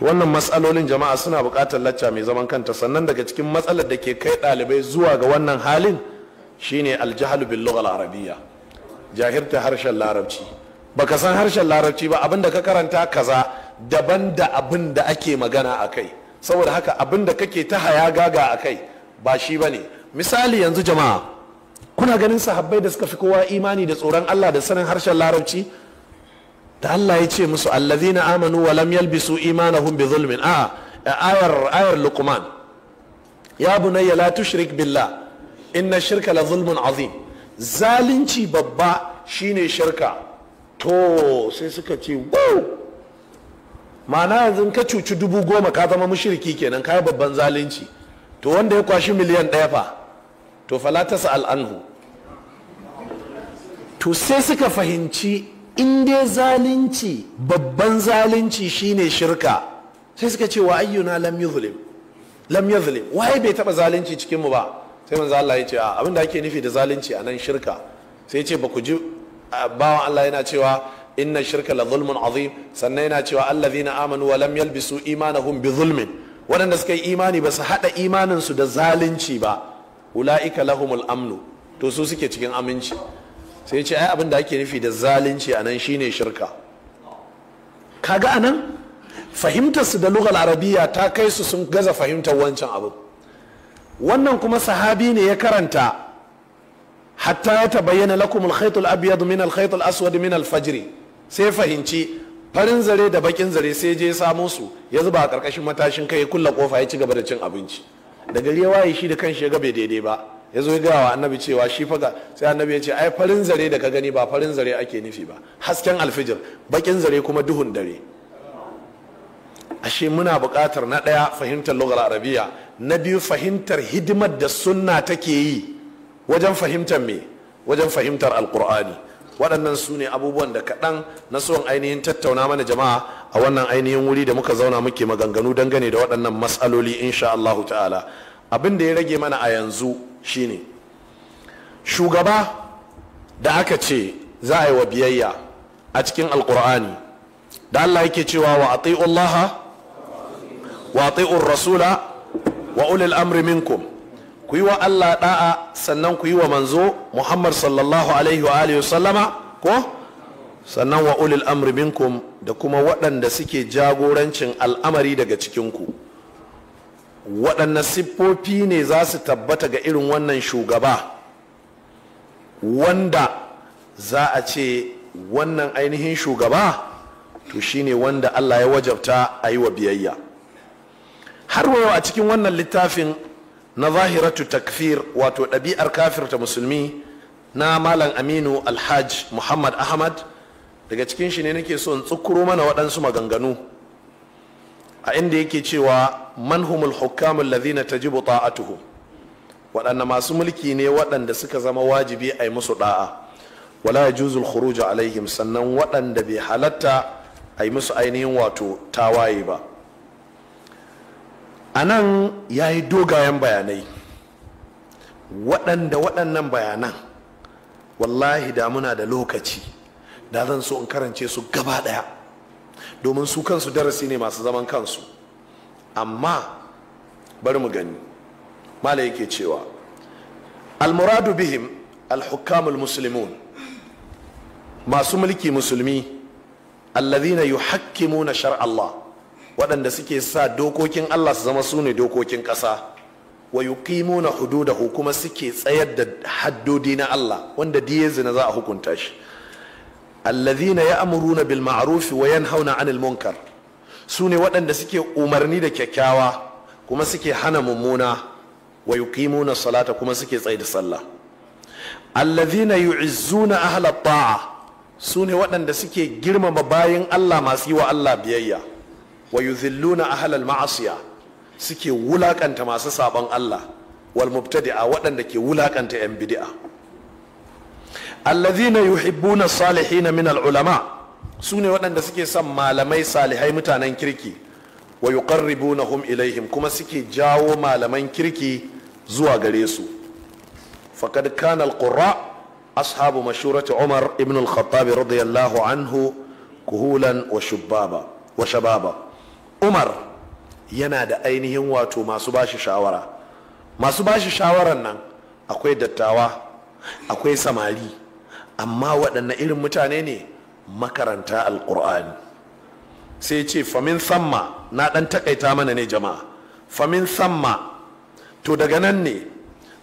Speaker 1: wannan matsalolin jama'a suna buƙatar lacca mai zaman kanta sannan daga cikin matsalar da ke kai ɗalibai zuwa ga wannan halin shine aljahalu bil lughal arabiyya jahirta harshen larabci baka san harshen larabci ba abinda ka karanta kaza daban da abin da ake magana a kai saboda haka abin da kake ta haya gaga a kai ba shi ba ne misali yanzu jama'a kuna ganin sahabbai da suka fi kowa imani da tsoron allah da sanin harshen larabci da allah ya ce musu allazina amanu wa lam yalbisu imanahum bi zulmin a ayar ayar luqman ya bunayya la tushrik billah inna shirka la zulmun azim zalunci babba shine shirka to sai suka ce wow ma'ana yanzu ka cuci dubu goma ka zama mushriki kenan ka babban zalunci to wanda ya kwashi miliyan ɗaya fa to falata sa'al to sai suka fahimci in dai zalunci babban zalunci shine shirka sai suka ce wa ayyuna lam yuzlim lam yuzlim waye bai taba zalunci cikin mu ba sai manzo Allah ya ce abin da ake nufi da zalunci a nan shirka sai ya ce ba ku ji bawan Allah yana cewa inna shirka la zulmun azim sannan yana cewa allazina amanu wa lam yalbisu imanahum bi zulmin waɗanda suka yi imani ba su haɗa imanin su da zalunci ba ulaika lahumul amnu to su suke cikin aminci sai ya ce ai abin da ake nufi da zalunci a nan shine shirka kaga anan fahimtar su da lughal arabiya ta kai su sun gaza fahimtar wancan abin wannan kuma sahabi ne ya karanta hatta ya tabayyana lakum al-khayt min al aswad min al sai fahimci farin zare da bakin zare sai je samo su ya zuba a karkashin matashin kai ya kulla kofa ya ci gaba da cin abinci da gari ya waye shi da kanshi ya ga bai daidai ba ya zo ya wa annabi cewa shi faga sai annabi ya ce ai farin zare da ka gani ba farin zare ake nufi ba hasken alfijir bakin zare kuma duhun dare ashe muna buƙatar na ɗaya fahimtar lugar arabiya na biyu fahimtar hidimar da sunna take yi wajen fahimtar me wajen fahimtar alkur'ani waɗannan su ne abubuwan da kaɗan na son ainihin tattauna mana jama'a a wannan ainihin wuri da muka zauna muke maganganu dangane da waɗannan matsaloli insha Allahu ta'ala abin da ya rage mana a yanzu shine shugaba da aka ce za a yi wa biyayya a cikin alkur'ani da Allah yake cewa wa ati'ullaha wa ati'ur rasula wa ulil amri minkum ku yi wa Allah da'a sannan ku yi wa manzo Muhammad sallallahu alaihi wa alihi sallama ko sannan wa ulil amri minkum da kuma waɗanda suke jagorancin al'amari daga cikin ku waɗanne siffofi ne za su tabbata ga irin wannan shugaba wanda za a ce wannan ainihin shugaba to shine wanda Allah ya wajabta a yi wa biyayya har wayo a cikin wannan littafin na zahiratu takfir wato ɗabi'ar kafirta musulmi na malam aminu alhaj muhammad ahmad daga cikin shi ne nake so in tsukuro mana waɗansu maganganu a inda yake cewa manhumul hukamul ladhina tajibu ta'atuhu waɗanda masu mulki ne waɗanda suka zama wajibi a yi musu ɗa'a, wala yajuzu al-khuruj alaihim sannan waɗanda bai halatta a yi musu ainihin wato tawaye ba a nan ya yi dogayen bayanai waɗanda waɗannan bayanan wallahi da muna da lokaci da zan so in karance su gaba ɗaya domin su kansu darasi ne masu zaman kansu amma bari mu gani mala yake cewa almuradu bihim alhukamul musulmun masu mulki musulmi allazina yuhakkimuna shar'allah Allah waɗanda suke sa dokokin Allah su zama su ne dokokin ƙasa wa yuqimuna hududahu kuma suke tsayar da haddodi na Allah wanda diye zina za a hukunta shi alladhina ya'muruna bil ma'ruf wa yanhauna 'anil munkar su ne waɗanda suke umarni da kyakkyawa kuma suke hana mummuna wa yuqimuna salata kuma suke tsayar da sallah alladhina yu'izzuna ahla ta'a su ne waɗanda suke girmama bayan Allah masu yi wa Allah biyayya wa yuzilluna ahlal ma'asiya suke wulakanta masu sabon Allah wal mubtadi'a waɗanda ke wulakanta yan bid'a allazina yuhibbuna salihina min al ulama sune waɗanda suke son malamai salihai mutanen kirki wa yuqarribunahum ilaihim kuma suke jawo malaman kirki zuwa gare su faqad kana al qurra ashabu mashurati umar ibn al khattab radiyallahu anhu kuhulan wa shababa umar yana da ainihin wato masu bashi shawara masu bashi shawaran nan akwai dattawa akwai samari amma waɗanne irin mutane ne makaranta alƙur'ani sai ce famin samma na ɗan takaita mana ne jama'a famin samma to daga nan ne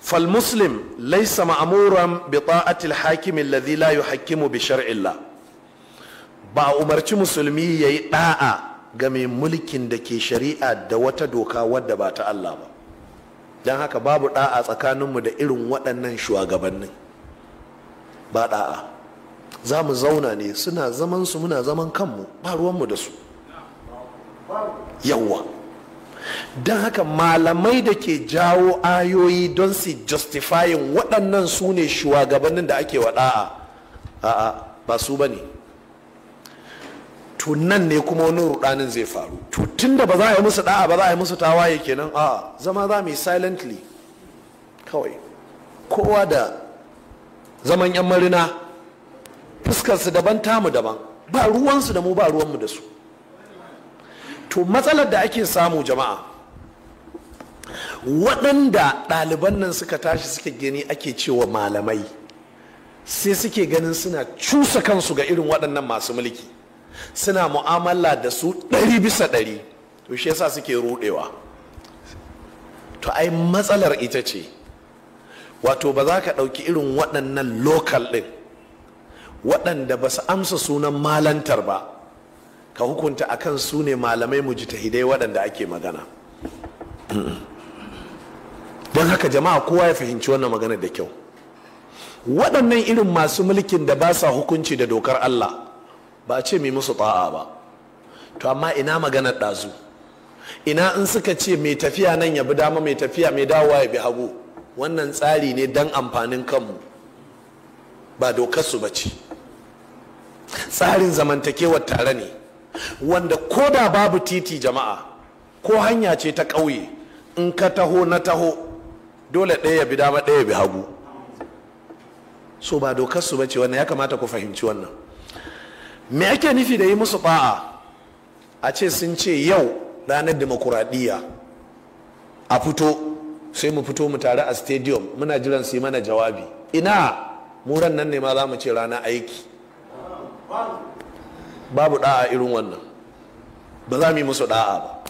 Speaker 1: Falmuslim laisa ma'amuran bi ta'atil hakimin ladhi la yuhakkimu bi shar'illah ba umarci musulmi yayi ɗa'a. ga mai mulkin da ke shari'a da wata doka wadda ba ta Allah ba don haka babu ɗa'a tsakaninmu da irin waɗannan shugabannin ba ɗa'a za mu zauna ne suna zaman su muna zaman kanmu ba ruwanmu da su yawwa don haka malamai da ke jawo ayoyi don su justifying waɗannan su ne shugabannin da ake wa ɗa'a a'a ba su ba ne to nan ne kuma wani rudanin zai faru to tun da ba za a yi musu da'a ba za a yi musu tawaye kenan a zama za mu yi silently kawai kowa da zaman yan marina fuskarsu daban tamu daban ba ruwansu da mu ba ruwanmu da su to matsalar da ake samu jama'a waɗanda ɗaliban nan suka tashi suka gani ake cewa malamai sai suke ganin suna cusa kansu ga irin waɗannan masu mulki suna mu'amala da su ɗari bisa ɗari to shi yasa suke ruɗewa? to ai matsalar ita ce wato ba za ka ɗauki irin waɗannan lokal ɗin waɗanda ba su amsa sunan malantar ba ka hukunta akan su ne malamai hidai waɗanda ake magana don haka jama'a kowa ya fahimci wannan magana da kyau waɗannan irin masu mulkin da ba sa hukunci da dokar Allah ba a ce mai musu ta'a ba to amma ina maganar ɗazu ina in suka ce mai tafiya nan ya bi dama mai tafiya mai dawowa ya bi hagu wannan tsari ne don amfanin kanmu ba dokar su bace tsarin zamantakewar tare ne wanda ko da babu titi jama'a ko hanya ce ta ƙauye in ka taho na taho dole ɗaya ya bi dama ɗaya ya bi hagu so ba dokar su bace wannan ya kamata ku fahimci wannan me ake nufi da yi musu ba'a a ce sun ce yau ranar demokuraɗiyya a fito sai mu fito mu tare a stadium muna jiran su yi mana jawabi ina muran nan ne ma za mu ce rana aiki babu da'a irin wannan ba za mu yi musu da'a ba